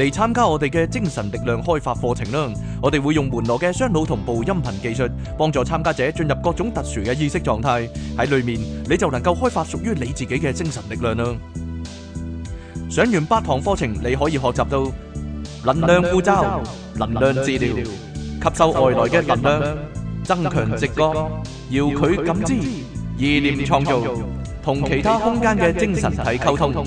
嚟參加我哋嘅精神力量開發課程啦！我哋會用門羅嘅雙腦同步音頻技術，幫助參加者進入各種特殊嘅意識狀態。喺裡面你就能夠開發屬於你自己嘅精神力量啦！上完八堂課程，你可以學習到能量呼召、能量治療、吸收外來嘅能量、增強直覺、遙距感知、意念創造、同其他空間嘅精神體溝通。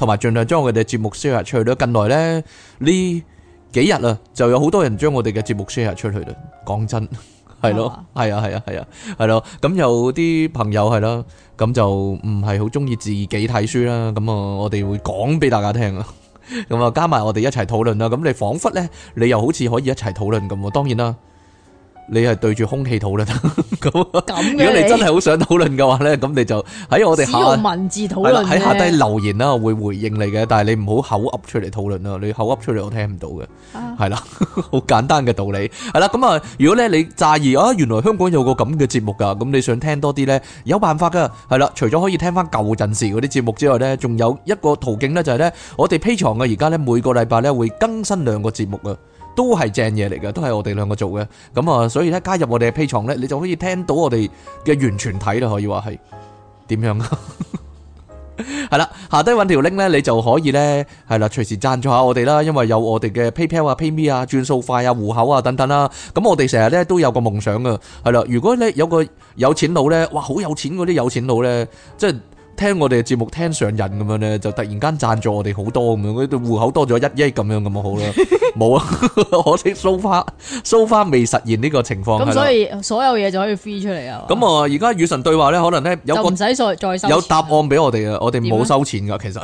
同埋盡量將我哋嘅節目 share 出去啦！近來咧呢幾日啊，就有好多人將我哋嘅節目 share 出去啦。講真，係 咯的，係啊，係啊，係啊，係咯。咁有啲朋友係咯，咁就唔係好中意自己睇書啦。咁啊，我哋會講俾大家聽啊。咁啊，加埋我哋一齊討論啦。咁你彷彿咧，你又好似可以一齊討論咁。當然啦。你係對住空氣討論咁，如果你真係好想討論嘅話咧，咁你就喺我哋下文字討論，喺下低留言啦，我會回應你嘅。但係你唔好口噏出嚟討論啊，你口噏出嚟我聽唔到嘅，係啦，好簡單嘅道理。係啦，咁啊，如果咧你詐疑啊，原來香港有個咁嘅節目㗎，咁你想聽多啲咧，有辦法㗎。係啦，除咗可以聽翻舊陣時嗰啲節目之外咧，仲有一個途徑咧，就係咧，我哋披床嘅而家咧每個禮拜咧會更新兩個節目啊。都係正嘢嚟噶，都係我哋兩個做嘅，咁啊，所以咧加入我哋嘅 P 床咧，你就可以聽到我哋嘅完全體啦，可以話係點樣啊？係 啦，下低揾條 link 咧，你就可以咧，係啦，隨時讚助下我哋啦，因為有我哋嘅 PayPal 啊、PayMe 啊、轉數快啊、戶口啊等等啦。咁我哋成日咧都有個夢想噶，係啦，如果你有個有錢佬咧，哇，好有錢嗰啲有錢佬咧，即、就、係、是。聽我哋嘅節目聽上癮咁樣咧，就突然間贊助我哋好多咁樣，嗰啲戶口多咗一億咁樣，咁啊好啦，冇啊 沒有，可惜 so far so far 未實現呢個情況。咁 了所以所有嘢就可以 free 出嚟啊！咁啊，而家與神對話咧，可能咧有唔使再再收有答案俾我哋啊，我哋冇收錢噶，其實。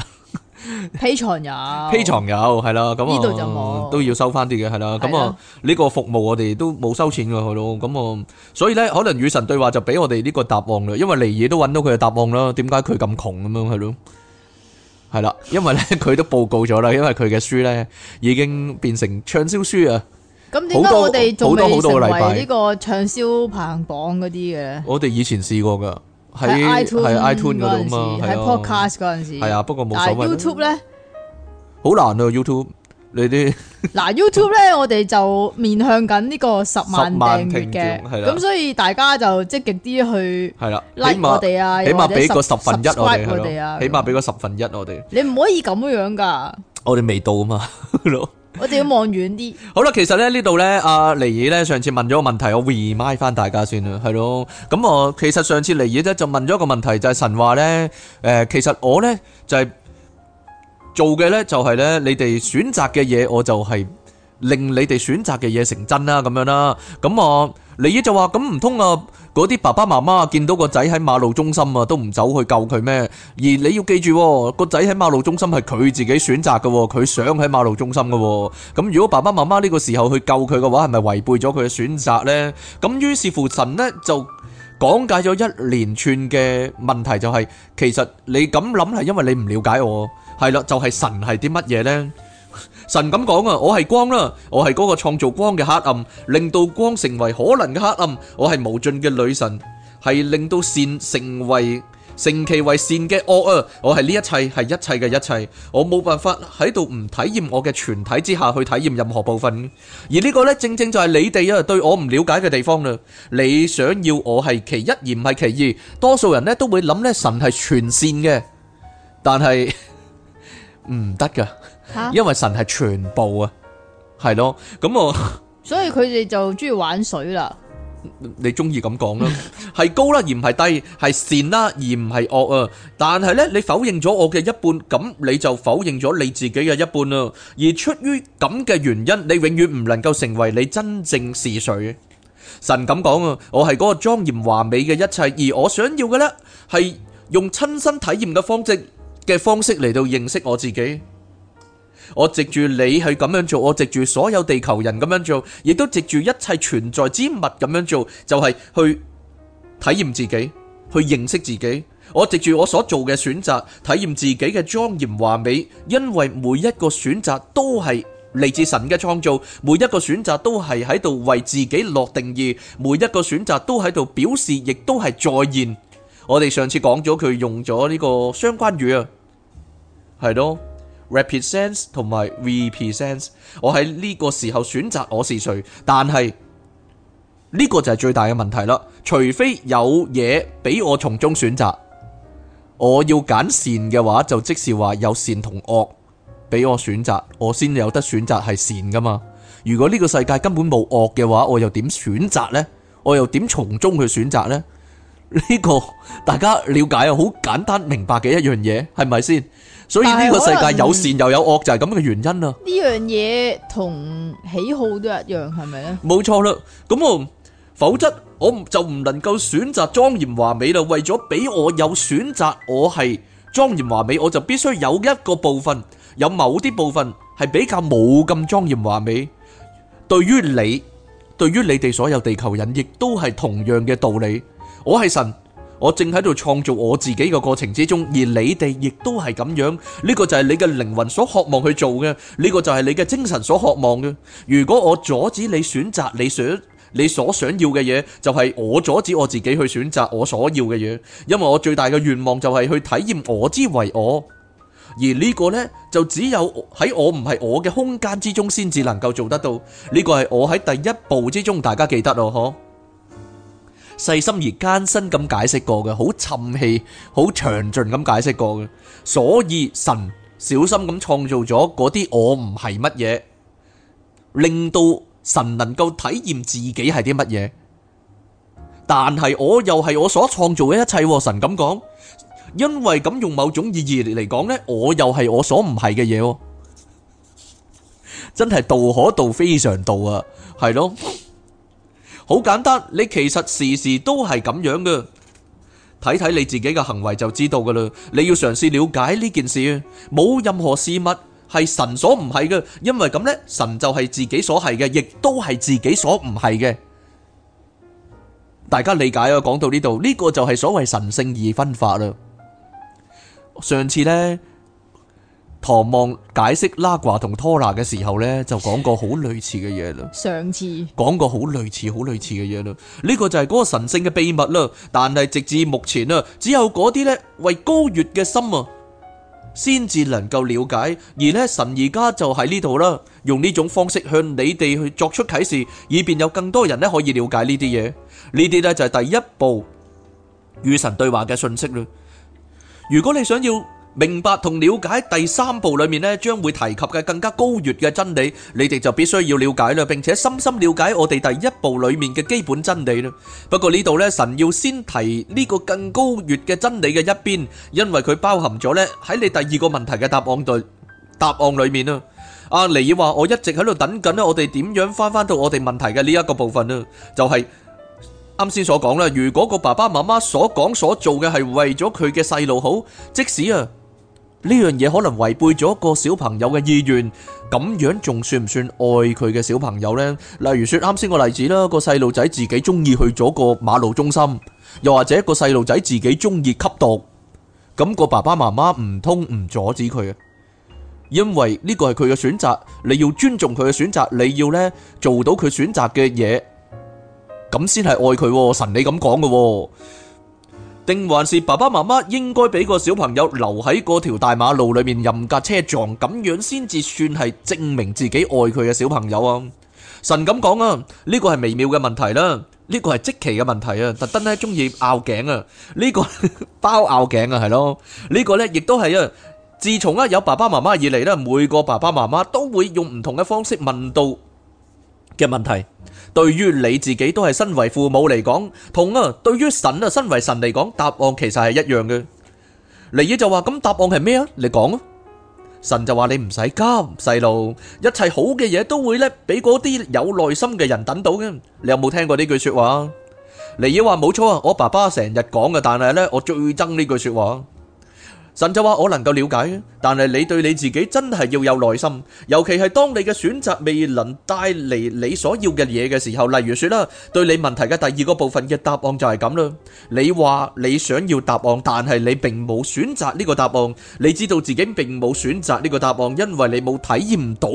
披床有，披床、 嗯、有係啦，咁呢度就冇，都要收翻啲嘅係啦，咁啊呢個服務我哋都冇收錢噶，佢咯，咁啊，所以咧可能與神對話就俾我哋呢個答案啦，因為尼爾都揾到佢嘅答案啦，點解佢咁窮咁樣係咯，係啦， 因為咧佢都報告咗啦，因為佢嘅書咧已經變成暢銷書啊，咁點解我哋做好多仲未成為呢個暢銷排行榜嗰啲嘅？ 我哋以前試過噶。喺 iTunes，喺 iTunes 度啊嘛，喺 Podcast 嗰陣時，係啊，不過冇所謂。YouTube 咧，好難啊！YouTube 你啲嗱 YouTube 咧，我哋就面向緊呢個十萬訂閱嘅，咁所以大家就積極啲去，係啦，like 我哋啊，起碼俾個十分一我哋啊，起碼俾個十分一我哋。你唔可以咁樣噶，我哋未到啊嘛。我哋要望遠啲。 好啦，其實咧，呢度咧，阿尼爾咧上次問咗個問題，我 remind 翻大家先啦，係咯。咁我其實上次尼爾咧就問咗個問題，就係、是、神話咧，誒、呃，其實我咧就係做嘅咧，就係、是、咧、就是、你哋選擇嘅嘢，我就係、是。令你哋選擇嘅嘢成真啦，咁樣啦，咁啊，尼爾就話咁唔通啊，嗰啲爸爸媽媽見到個仔喺馬路中心啊，都唔走去救佢咩？而你要記住，個仔喺馬路中心係佢自己選擇嘅，佢想喺馬路中心嘅。咁如果爸爸媽媽呢個時候去救佢嘅話，係咪違背咗佢嘅選擇呢？咁於是乎，神呢，就講解咗一連串嘅問題，就是，就係其實你咁諗係因為你唔了解我，係啦，就係、是、神係啲乜嘢呢？神咁講啊，我係光啦，我係嗰個創造光嘅黑暗，令到光成為可能嘅黑暗。我係無盡嘅女神，係令到善成為成其為善嘅惡啊！我係呢一切，係一切嘅一切，我冇辦法喺度唔體驗我嘅全體之下去體驗任何部分。而呢個呢，正正就係你哋啊對我唔了解嘅地方啦。你想要我係其一而唔係其二，多數人呢都會諗呢，神係全善嘅，但係唔得噶。 因為神係全部啊，係咯，咁我，所以佢哋就中意玩水啦。你中意咁講啦，係高啦而唔係低，係善啦而唔係惡啊。但係呢，你否認咗我嘅一半，咁你就否認咗你自己嘅一半啊。而出於咁嘅原因，你永遠唔能夠成為你真正是誰。神咁講啊，我係嗰個莊嚴華美嘅一切，而我想要嘅呢係用親身體驗嘅方式嘅方式嚟到認識我自己。我藉住你去咁樣做，我藉住所有地球人咁樣做，亦都藉住一切存在之物咁樣做，就係、是、去體驗自己，去認識自己。我藉住我所做嘅選擇，體驗自己嘅莊嚴華美，因為每一個選擇都係嚟自神嘅創造，每一個選擇都係喺度為自己落定義，每一個選擇都喺度表示，亦都係再現。我哋上次講咗佢用咗呢個相關語啊，係咯。represents 同埋 re-presents 我喺呢個時候選擇我是誰，但係呢個就係最大嘅問題啦。除非有嘢俾我從中選擇，我要揀善嘅話，就即是話有善同惡俾我選擇，我先有得選擇係善噶嘛。如果呢個世界根本冇惡嘅話，我又點選擇呢？我又點從中去選擇呢？呢個大家了解啊，好簡單明白嘅一樣嘢，係咪先？所以呢個世界有善又有惡，就係咁嘅原因啦。呢樣嘢，同喜好都一樣係咪咧？冇錯啦。咁我，否則我就唔能夠選擇莊嚴華美啦。為咗俾我有選擇，我係莊嚴華美，我就必須有一個部分，有某啲部分係比較冇咁莊嚴華美。對於你，對於你哋所有地球人，亦都係同樣嘅道理。我係神。我正喺度創造我自己嘅過程之中，而你哋亦都係咁樣。呢個就係你嘅靈魂所渴望去做嘅，呢個就係你嘅精神所渴望嘅。如果我阻止你選擇你想你所想要嘅嘢，就係我阻止我自己去選擇我所要嘅嘢。因為我最大嘅願望就係去體驗我之為我，而呢個呢，就只有喺我唔係我嘅空間之中先至能夠做得到。呢個係我喺第一步之中，大家記得咯，呵。細心而艱辛咁解釋過嘅，好沉氣，好詳盡咁解釋過嘅，所以神小心咁創造咗嗰啲我唔係乜嘢，令到神能夠體驗自己係啲乜嘢。但係我又係我所創造嘅一切，神咁講，因為咁用某種意義嚟講呢，我又係我所唔係嘅嘢，真係道可道非常道啊，係咯。好簡單，你其實時時都係咁樣嘅。睇睇你自己嘅行為就知道噶啦。你要嘗試了解呢件事，冇任何事物係神所唔係嘅，因為咁呢，神就係自己所係嘅，亦都係自己所唔係嘅。大家理解啊？講到呢度，呢個就係所謂神聖二分法啦。上次呢。旁望解釋拉掛同拖拿嘅時候咧，就講過好類似嘅嘢啦。上次講過好類似、好類似嘅嘢啦。呢個就係嗰個神聖嘅秘密啦。但係直至目前啊，只有嗰啲咧為高越嘅心啊，先至能夠了解。而咧神而家就喺呢度啦，用呢種方式向你哋去作出啟示，以便有更多人咧可以了解呢啲嘢。呢啲咧就係第一部與神對話嘅信息啦。如果你想要，明白同了解第三步裏面咧，將會提及嘅更加高越嘅真理，你哋就必須要了解啦，並且深深了解我哋第一步裏面嘅基本真理啦。不過呢度咧，神要先提呢個更高越嘅真理嘅一邊，因為佢包含咗咧喺你第二個問題嘅答案度答案裏面啦。阿尼爾話：我一直喺度等緊咧，我哋點樣翻翻到我哋問題嘅呢一個部分啦？就係啱先所講啦。如果個爸爸媽媽所講所做嘅係為咗佢嘅細路好，即使啊。呢樣嘢可能違背咗一個小朋友嘅意願，咁樣仲算唔算愛佢嘅小朋友呢？例如說啱先個例子啦，個細路仔自己中意去咗個馬路中心，又或者個細路仔自己中意吸毒，咁個爸爸媽媽唔通唔阻止佢啊？因為呢個係佢嘅選擇，你要尊重佢嘅選擇，你要呢做到佢選擇嘅嘢，咁先係愛佢。神你咁講嘅。定還是爸爸媽媽應該俾個小朋友留喺個條大馬路裏面任架車撞，咁樣先至算係證明自己愛佢嘅小朋友啊？神咁講啊，呢個係微妙嘅問題啦，呢個係即期嘅問題啊，特登咧中意拗頸啊，呢個 包拗頸啊，係咯，呢個呢，亦都係啊，自從啊，有爸爸媽媽以嚟呢，每個爸爸媽媽都會用唔同嘅方式問到嘅問題。對於你自己都係身為父母嚟講，同啊！對於神啊，身為神嚟講，答案其實係一樣嘅。尼爾就話咁答案係咩啊？你講咯。神就話你唔使急，細路，一切好嘅嘢都會咧，俾嗰啲有耐心嘅人等到嘅。你有冇聽過呢句說話？尼爾話冇錯啊，我爸爸成日講嘅，但係呢，我最憎呢句說話。神就話：我能夠了解，但係你對你自己真係要有耐心，尤其係當你嘅選擇未能帶嚟你所要嘅嘢嘅時候，例如說啦，對你問題嘅第二個部分嘅答案就係咁啦。你話你想要答案，但係你並冇選擇呢個答案，你知道自己並冇選擇呢個答案，因為你冇體驗到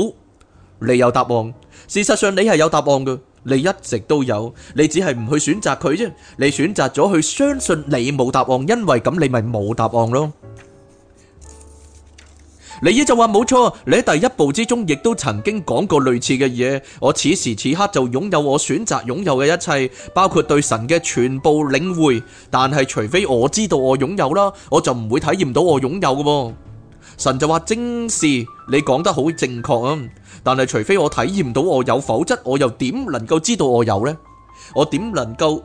你有答案。事實上，你係有答案嘅，你一直都有，你只係唔去選擇佢啫。你選擇咗去相信你冇答案，因為咁你咪冇答案咯。你呢就話，冇錯，你喺第一步之中亦都曾經講過類似嘅嘢。我此時此刻就擁有我選擇擁有嘅一切，包括對神嘅全部領會。但係除非我知道我擁有啦，我就唔會體驗到我擁有嘅。神就話，正是，你講得好正確啊！但係除非我體驗到我有，否則我又點能夠知道我有呢？我點能夠？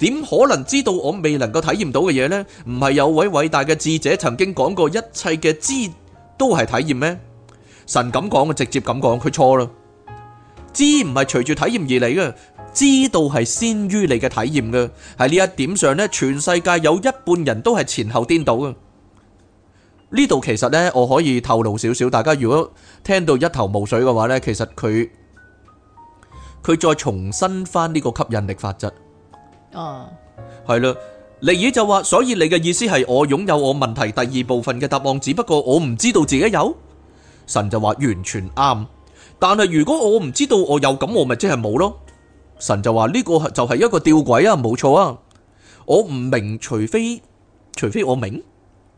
點可能知道我未能夠體驗到嘅嘢呢？唔係有位偉大嘅智者曾經講過，一切嘅知都係體驗咩？神咁講，直接咁講，佢錯啦。知唔係隨住體驗而嚟嘅，知道係先於你嘅體驗嘅，喺呢一點上咧，全世界有一半人都係前後顛倒嘅。呢度其實呢，我可以透露少少，大家如果聽到一頭霧水嘅話呢，其實佢佢再重新翻呢個吸引力法則。哦、oh.，係啦。尼爾就話，所以你嘅意思係我擁有我問題第二部分嘅答案，只不過我唔知道自己有。神就話完全啱，但係如果我唔知道我有咁，我咪即係冇咯。神就話呢個就係一個吊詭啊，冇錯啊。我唔明，除非除非我明，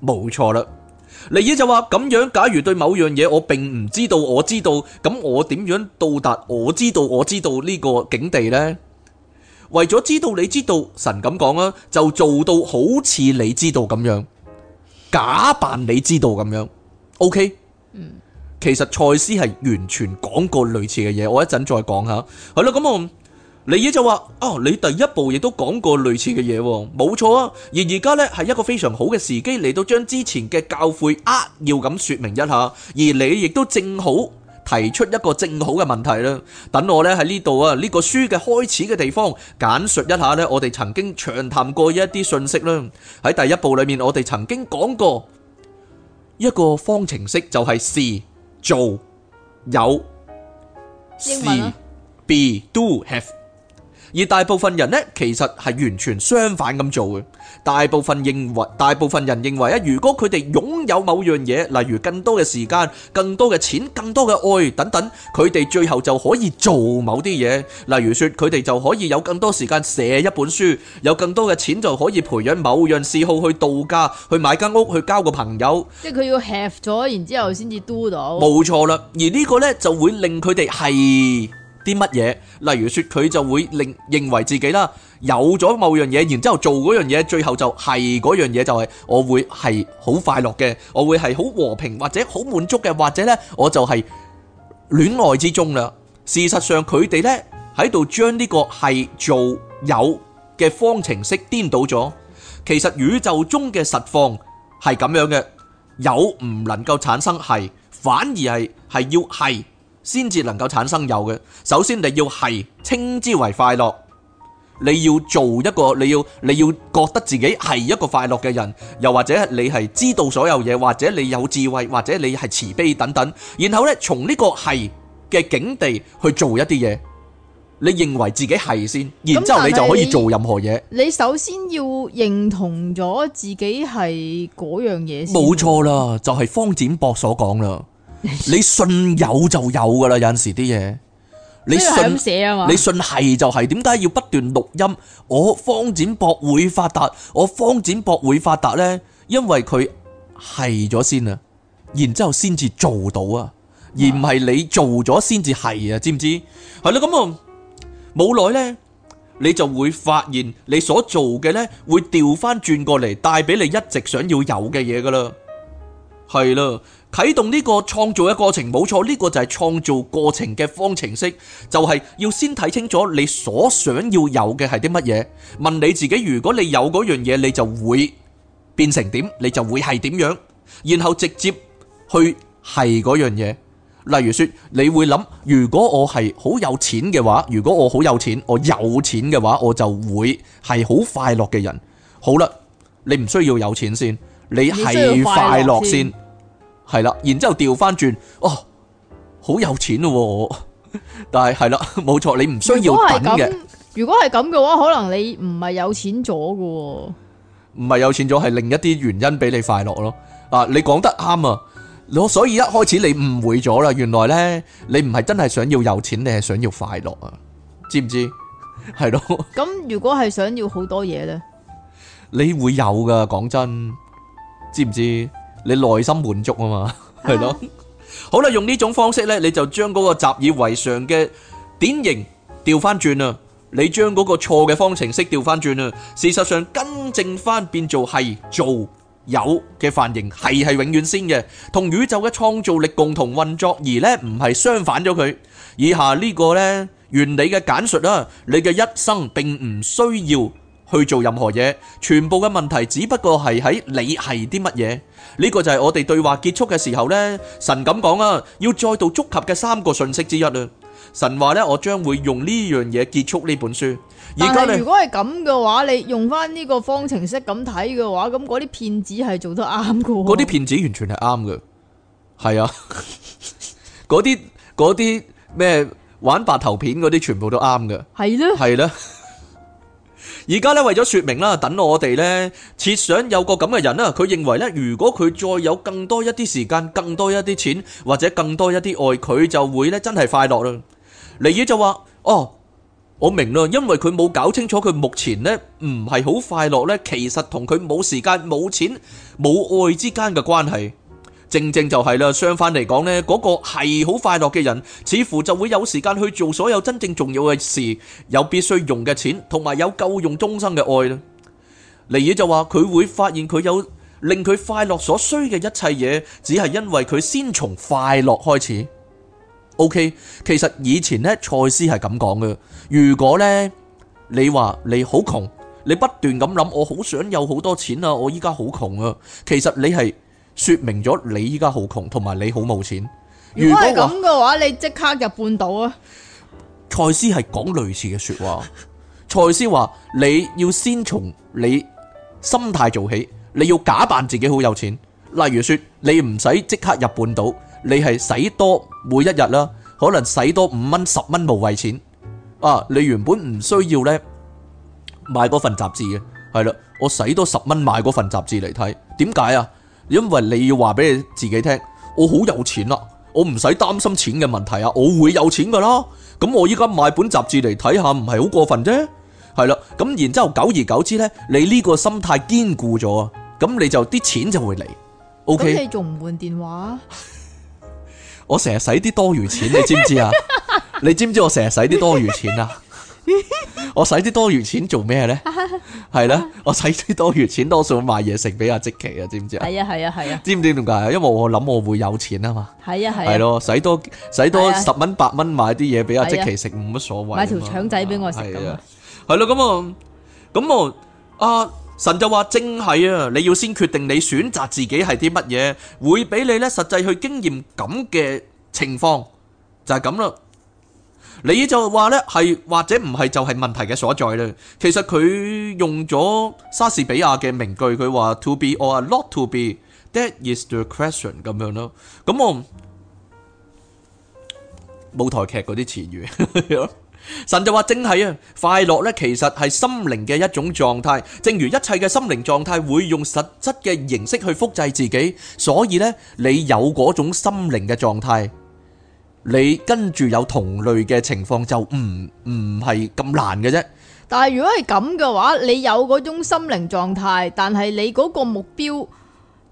冇錯啦。尼爾就話咁樣，假如對某樣嘢我並唔知道我知道，咁我點樣到達我知道我知道呢個境地呢？」為咗知道你知道，神咁講啊，就做到好似你知道咁樣，假扮你知道咁樣。OK，嗯，其實賽斯係完全講過類似嘅嘢，我一陣再講下。係啦，咁我李野就話，哦，你第一步亦都講過類似嘅嘢，冇錯啊。而而家呢，係一個非常好嘅時機嚟到將之前嘅教誨扼要咁說明一下，而你亦都正好。提出一個正好嘅問題啦，等我咧喺呢度啊，呢、這個書嘅開始嘅地方簡述一下咧，我哋曾經長談過一啲信息啦。喺第一部裏面，我哋曾經講過一個方程式就係、是、C、做有英文啊 Be、Do、Have。而大部分人呢，其實係完全相反咁做嘅。大部分認為，大部分人認為啊，如果佢哋擁有某樣嘢，例如更多嘅時間、更多嘅錢、更多嘅愛等等，佢哋最後就可以做某啲嘢。例如說，佢哋就可以有更多時間寫一本書，有更多嘅錢就可以培養某樣嗜好，去度假、去買間屋、去交個朋友。即係佢要 have 咗，然之後先至 do 到。冇錯啦，而呢個呢，就會令佢哋係。啲乜嘢？例如說佢就會令認為自己啦，有咗某樣嘢，然之後做嗰樣嘢，最後就係嗰樣嘢就係、是、我會係好快樂嘅，我會係好和平或者好滿足嘅，或者呢，者我就係戀愛之中啦。事實上佢哋呢，喺度將呢個係做有嘅方程式顛倒咗。其實宇宙中嘅實況係咁樣嘅，有唔能夠產生係，反而係係要係，先至能夠產生有嘅，首先你要係稱之為快樂，你要做一個，你要你要覺得自己係一個快樂嘅人，又或者你係知道所有嘢，或者你有智慧，或者你係慈悲等等，然後呢從呢個係嘅境地去做一啲嘢，你認為自己係先，然之後你就可以做任何嘢。你首先要認同咗自己係嗰樣嘢先。冇錯啦，就係方展博所講啦。你信有就有噶啦，有陣時啲嘢，你信你信係就係，點解要不斷錄音？我方展博會發達，我方展博會發達咧，因為佢係咗先啊，然之後先至做到啊，而唔係你做咗先至係啊，知唔知？係啦，咁啊，冇耐咧，你就會發現你所做嘅咧會調翻轉過嚟，帶俾你一直想要有嘅嘢噶啦，係啦。啟動呢個創造嘅過程冇錯，呢個就係創造過程嘅方程式，就係要先睇清楚你所想要有嘅係啲乜嘢。問你自己，如果你有嗰樣嘢，你就會變成點？你就會係點樣？然後直接去係嗰樣嘢。例如說，你會諗，如果我係好有錢嘅話，如果我好有錢，我有錢嘅話，我就會係好快樂嘅人。好啦，你唔需要有錢先，你係快樂先。係啦，然之後調翻轉，哦，好有錢咯喎，但係係啦，冇錯，你唔需要等嘅。如果係咁嘅話，可能你唔係有錢咗嘅喎，唔係有錢咗，係另一啲原因俾你快樂咯。啊，你講得啱啊，所以一開始你誤會咗啦，原來呢，你唔係真係想要有錢，你係想要快樂啊，知唔知？係咯。咁如果係想要好多嘢呢，你會有噶，講真，知唔知？你內心滿足啊嘛，係 咯的， 好啦，用呢種方式呢，你就將嗰個習以為常嘅典型調翻轉啦，你將嗰個錯嘅方程式調翻轉啦，事實上更正翻變做係做有嘅範型係係永遠先嘅，同宇宙嘅創造力共同運作，而呢唔係相反咗佢。以下呢個呢，原理嘅簡述啦，你嘅一生並唔需要。去做任何嘢，全部嘅問題只不過係喺你係啲乜嘢？呢個就係我哋對話結束嘅時候咧，神咁講啊，要再度觸及嘅三個信息之一啦。神話咧，我將會用呢樣嘢結束呢本書。而家咧，如果係咁嘅話，你用翻呢個方程式咁睇嘅話，咁嗰啲騙子係做得啱嘅。嗰啲騙子完全係啱嘅，係啊，嗰啲嗰啲咩玩白頭片嗰啲，全部都啱嘅，係咯，係咯。而家咧為咗說明啦，等我哋咧設想有個咁嘅人啦，佢認為咧，如果佢再有更多一啲時間、更多一啲錢或者更多一啲愛，佢就會咧真係快樂啦。尼爾就話，哦，我明啦，因為佢冇搞清楚佢目前咧唔係好快樂咧，其實同佢冇時間、冇錢、冇愛之間嘅關係。正正就係啦，相反嚟講，呢嗰個係好快樂嘅人，似乎就會有時間去做所有真正重要嘅事，有必須用嘅錢，同埋有夠用終生嘅愛啦。尼爾就話佢會發現佢有令佢快樂所需嘅一切嘢，只係因為佢先從快樂開始。OK，其實以前呢，賽斯係咁講嘅。如果呢，你話你好窮，你不斷咁諗，我好想有好多錢啊，我依家好窮啊，其實你係。說明咗你依家好窮，同埋你好冇錢。如果係咁嘅話，你即刻入半島啊！蔡司係講類似嘅說話。 蔡司話你要先從你心態做起，你要假扮自己好有錢。例如說，你唔使即刻入半島，你係使多每一日啦，可能使多五蚊、十蚊無謂錢啊！你原本唔需要呢，買嗰份雜誌嘅，係啦，我使多十蚊買嗰份雜誌嚟睇，點解啊？因為你要話俾你自己聽，我好有錢啦，我唔使擔心錢嘅問題啊，我會有錢噶啦。咁我依家買本雜誌嚟睇下，唔係好過分啫。係啦，咁然之後久而久之呢，你呢個心態堅固咗啊，咁你就啲錢就會嚟。OK，你仲唔換電話？ 我成日使啲多餘錢，你知唔知啊？ 你知唔知我成日使啲多餘錢啊？ 我使啲多餘錢做咩咧？係啦， 我使啲多餘錢多數買嘢食俾阿積奇啊，知唔知啊？係啊係啊係啊，知唔知點解啊？因為我諗我會有錢啊嘛。係啊係。係咯 使 多使多十蚊八蚊買啲嘢俾阿積奇食，冇乜所謂。 買條腸仔俾我食咁 係對啦，咁 啊，咁啊，阿神就話正係啊，你要先決定你選擇自己係啲乜嘢，會俾你咧實際去經驗咁嘅情況，就係咁啦。你就話咧，係或者唔係就係問題嘅所在咧？其實佢用咗莎士比亞嘅名句，佢話：To be or not to be，that is the question。咁樣咯，咁我舞台劇嗰啲詞語， 神就話正係啊！快樂咧，其實係心靈嘅一種狀態，正如一切嘅心靈狀態會用實質嘅形式去複製自己，所以咧，你有嗰種心靈嘅狀態。你跟住有同類嘅情況就唔唔係咁難嘅啫。但係如果係咁嘅話，你有嗰種心靈狀態，但係你嗰個目標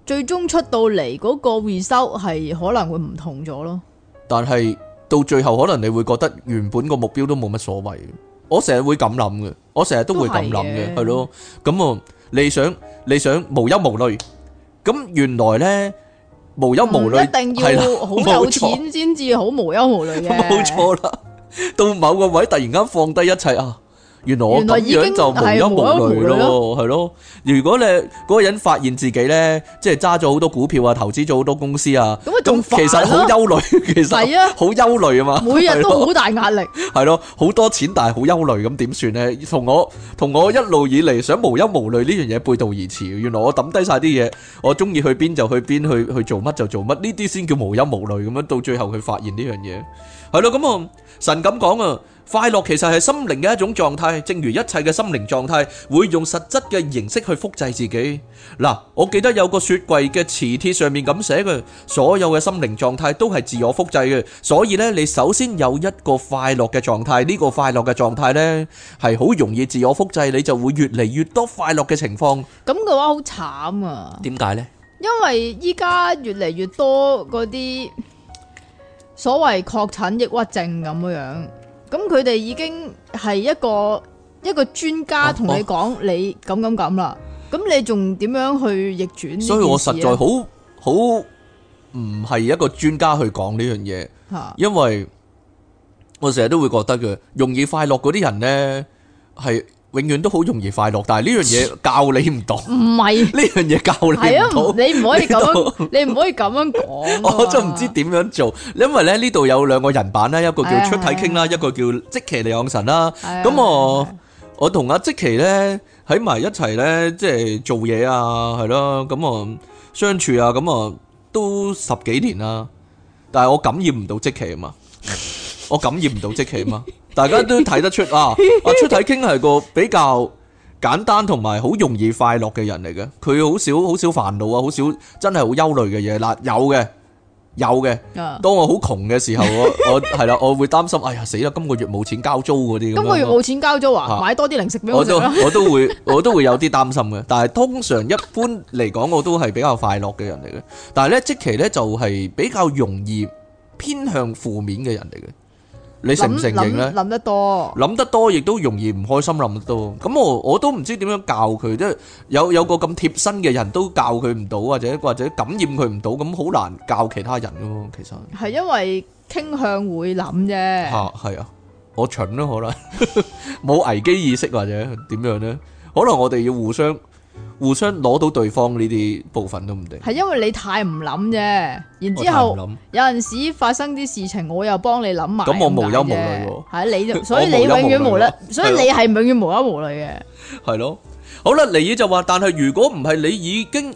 最終出到嚟嗰個結果，係可能會唔同咗咯。但係到最後，可能你會覺得原本個目標都冇乜所謂。我成日會咁諗嘅，我成日都會咁諗嘅，係咯。咁啊，你想你想無憂無慮，咁原來呢。無憂無慮、嗯、一定要好有錢，先至好無憂無慮嘅。冇錯啦，到某個位突然間放低一切啊！原來我咁樣就無憂無慮咯，係咯？如果你嗰個人發現自己咧，即係揸咗好多股票啊，投資咗好多公司啊，咁啊，仲煩咯。其實好憂慮，其實係啊，好憂慮啊嘛。每日都好大壓力。係咯，好多錢，但係好憂慮，咁點算咧？同我同我一路以嚟想無憂無慮呢樣嘢背道而馳。原來我抌低晒啲嘢，我中意去邊就去邊，去去做乜就做乜。呢啲先叫無憂無慮咁樣。到最後佢發現呢樣嘢，係咯？咁啊，我神咁講啊。快樂其實係心靈嘅一種狀態，正如一切嘅心靈狀態會用實質嘅形式去複製自己。嗱，我記得有個雪櫃嘅磁鐵上面咁寫嘅，所有嘅心靈狀態都係自我複製嘅。所以呢，你首先有一個快樂嘅狀態，呢個快樂嘅狀態呢係好容易自我複製，你就會越嚟越多快樂嘅情況。咁嘅話好慘啊！點解呢？因為依家越嚟越多嗰啲所謂確診抑鬱症咁樣。咁佢哋已經係一個一個專家同你講你咁咁咁啦，咁、啊、你仲點樣去逆轉呢啲嘢？所以我實在好好唔係一個專家去講呢樣嘢，啊、因為我成日都會覺得嘅，容易快樂嗰啲人呢。係。永遠都好容易快樂，但係呢樣嘢教你唔到。唔係呢樣嘢教你唔到。啊、你唔可以咁， 你唔可以咁樣講。 我就唔知點樣做，因為咧呢度有兩個人版咧，一個叫出體傾啦，哎、呀一個叫即奇利昂神啦。咁、哎、呀我、哎、呀我同阿即奇咧喺埋一齊咧，即係做嘢啊，係咯，咁啊相處啊，咁啊都十幾年啦。但係我感染唔到即奇啊嘛。 我感染唔到即期嘛？大家都睇得出啊！阿出體傾係個比較簡單同埋好容易快樂嘅人嚟嘅，佢好少好少煩惱啊，好少真係好憂慮嘅嘢嗱。有嘅有嘅，當我好窮嘅時候，我 我係啦，我會擔心，哎呀死啦！今個月冇錢交租嗰啲。今個月冇錢交租啊？買多啲零食俾我啦！我都我都會我都會有啲擔心嘅，但係通常一般嚟講，我都係比較快樂嘅人嚟嘅。但係咧，即期咧就係比較容易偏向負面嘅人嚟嘅。你承唔承認咧？諗得多，諗得多亦都容易唔開心，諗得多。咁我我都唔知點樣教佢，即係有有個咁貼身嘅人都教佢唔到，或者或者感染佢唔到，咁好難教其他人咯。其實係因為傾向會諗啫。吓，係啊！我蠢咯，可能冇危機意識或者點樣咧？可能我哋要互相。互相攞到對方呢啲部分都唔定，係因為你太唔諗啫。然後之後有陣時發生啲事情，我又幫你諗埋嘅。咁我無憂無慮喎？係啊，你就所以你永遠無啦，無憂無所以你係永遠無憂了無慮嘅。係咯，好啦，尼爾就話，但係如果唔係你已經。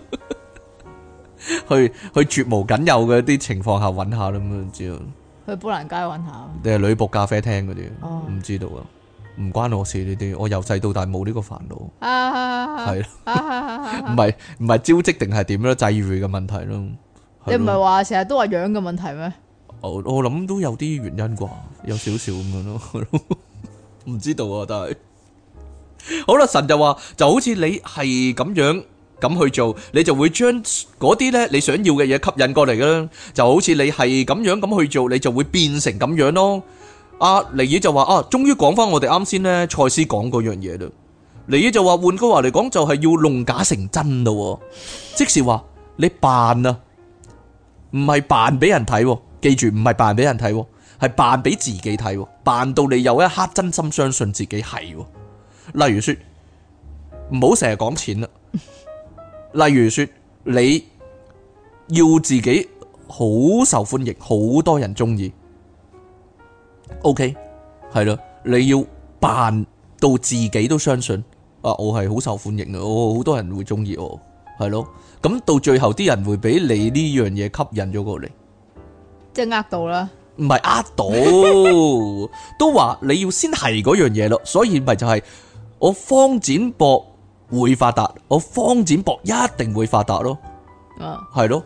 去去絕無僅有嘅啲情況下揾下啦，咁樣知道。去波蘭街揾下。定係女僕咖啡廳嗰啲，唔知道啊，唔關我事呢啲。我由細到大冇呢個煩惱，係咯，唔係唔係招積定係點樣咯，際遇嘅問題咯。你唔係話成日都話樣嘅問題咩？我我諗都有啲原因啩，有少少咁樣咯，唔知道啊。但係好啦，神就話就好似你係咁樣。咁去做，你就會將嗰啲咧你想要嘅嘢吸引過嚟噶。就好似你係咁樣咁去做，你就會變成咁樣咯。阿尼爾就話啊，終於講翻我哋啱先呢，賽斯講嗰樣嘢啦。尼爾就話換句話嚟講，就係要弄假成真咯。即時話你扮啊，唔係扮俾人睇，記住唔係扮俾人睇，係扮俾自己睇，扮到你有一刻真心相信自己係。例如說，唔好成日講錢啦。例如說，你要自己好受歡迎，好多人中意。OK，係咯，你要扮到自己都相信啊，我係好受歡迎嘅，我好多人會中意我，係咯。咁到最後啲人會俾你呢樣嘢吸引咗過嚟，即係呃到啦。唔係呃到， 都話你要先係嗰樣嘢咯，所以咪就係、是、我方展博。會發達，我方展博一定會發達咯，啊，係咯的，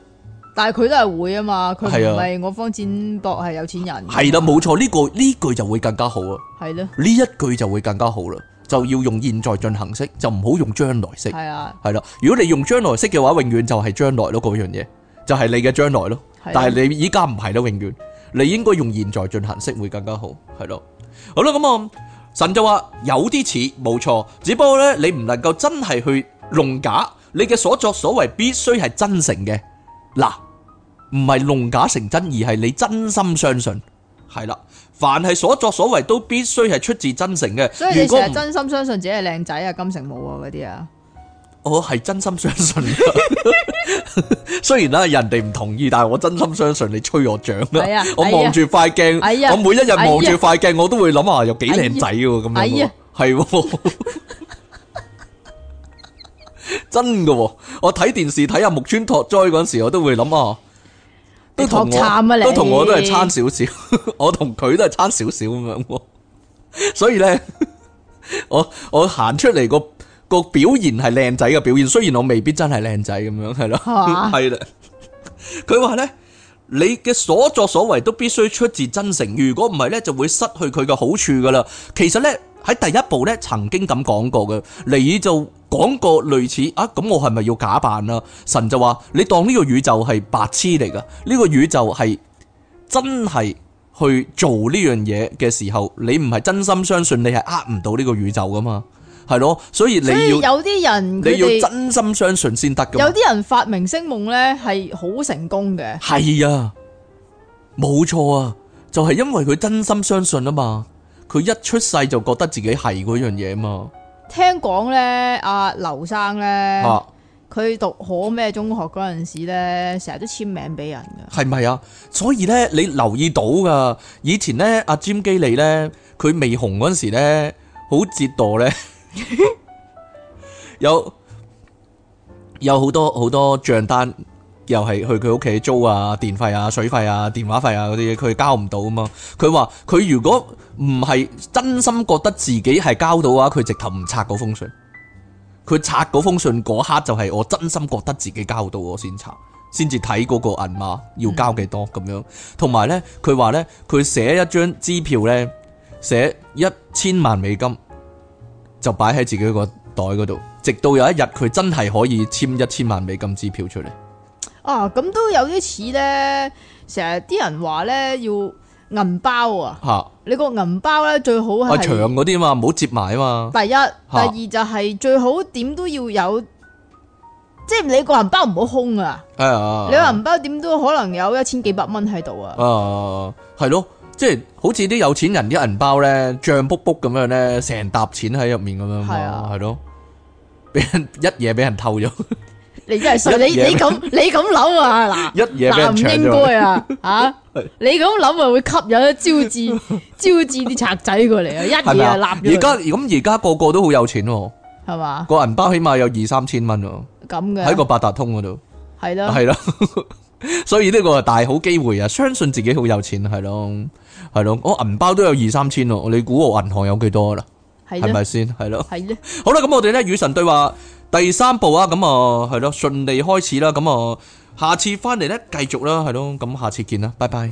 但係佢都係會啊嘛，佢唔係我方展博係有錢人，係啦，冇錯，呢、這個呢句就會更加好啊，係咯，呢一句就會更加好啦的，就要用現在進行式，就唔好用將來式，係啊的，係啦，如果你用將來式嘅話，永遠就係將來咯，嗰樣嘢就係、是、你嘅將來咯，的但係你依家唔係咯，永遠，你應該用現在進行式會更加好，係咯，好啦，咁、嗯、啊。神就話有啲似冇錯，只不過咧你唔能夠真係去弄假，你嘅所作所為必須係真誠嘅。嗱，唔係弄假成真，而係你真心相信，係啦。凡係所作所為都必須係出自真誠嘅。所如果所以你真心相信自己係靚仔啊，金城武啊嗰啲啊，啊我係真心相信。 雖然啦，人哋唔同意，但係我真心相信你吹我獎啦。哎、呀我望住塊鏡，哎、呀我每一日望住塊鏡，我都會諗下有幾靚仔嘅咁樣，係真嘅。我睇電視睇阿木村拓哉嗰陣時，我都會諗啊，都同我、啊、我都同、哎、呀 我都係差少少，我同佢都係差少少咁樣。所以咧， 我我行出嚟個個表現係靚仔嘅表現，雖然我未必真係靚仔咁樣，係咯，係啦蛤。佢話 呢，你嘅所作所為都必須出自真誠，如果唔係呢，就會失去佢嘅好處噶啦。其實呢，喺第一步呢，曾經咁講過嘅，你就講過類似啊，咁我係咪要假扮啊？神就話你當呢個宇宙係白痴嚟噶，呢個宇宙係真係去做呢樣嘢嘅時候，你唔係真心相信，你係呃唔到呢個宇宙噶嘛。係咯，所以你要有啲人佢要真心相信先得噶。有啲人發明星夢呢，係好成功嘅。係啊，冇錯啊，就係、是、因為佢真心相信啊嘛。佢一出世就覺得自己係嗰樣嘢嘛。聽講呢，阿、啊、劉生呢，佢、啊、讀好咩中學嗰陣時咧，成日都簽名俾人噶。係咪啊？所以呢，你留意到噶，以前呢，阿、啊、詹基利呢，佢未紅嗰陣時咧，好折惰呢。 有有好多好多賬單，又係去佢屋企租啊、電費啊、水費啊、電話費啊嗰啲嘢，佢交唔到啊嘛。佢話佢如果唔係真心覺得自己係交到啊，佢直頭唔拆嗰封信。佢拆嗰封信嗰刻就係我真心覺得自己交到，我先拆，先至睇嗰個銀碼要交幾多咁、嗯、樣。同埋呢，佢話呢，佢寫一張支票呢，寫一千萬美金。就擺喺自己個袋嗰度，直到有一日佢真係可以簽一千萬美金支票出嚟。啊，咁都有啲似咧，成日啲人話咧要銀包啊。吓，你個銀包咧最好係、啊、長嗰啲嘛，唔好折埋啊嘛。第一、第二就係、是啊、最好點都要有，即、就、係、是、你個銀包唔好空啊。係啊，你個銀包點都可能有一千幾百蚊喺度啊。啊，係咯。即係好似啲有錢人啲銀包咧，脹卜卜咁樣咧，成沓錢喺入面咁樣，係咯，俾人一嘢俾人偷咗。你真係衰，你你咁你咁諗啊嗱，一嘢。俾唔應該啊，啊，你咁諗啊會吸引招致招致啲賊仔過嚟啊，一嘢。啊，而家咁而家個個都好有錢喎，係嘛，個銀包起碼有二三千蚊喎，咁嘅喺個八達通嗰度，係咯係咯。所以呢個係大好機會啊！相信自己好有錢係咯，係咯，我銀、哦、包都有二三千咯。你估我銀行有幾多啦？係咪先？係咯。係啦。的 好啦，咁我哋咧與神對話第三部啊，咁啊係咯順利開始啦，咁啊下次翻嚟咧繼續啦，係咯，咁下次見啦，拜拜。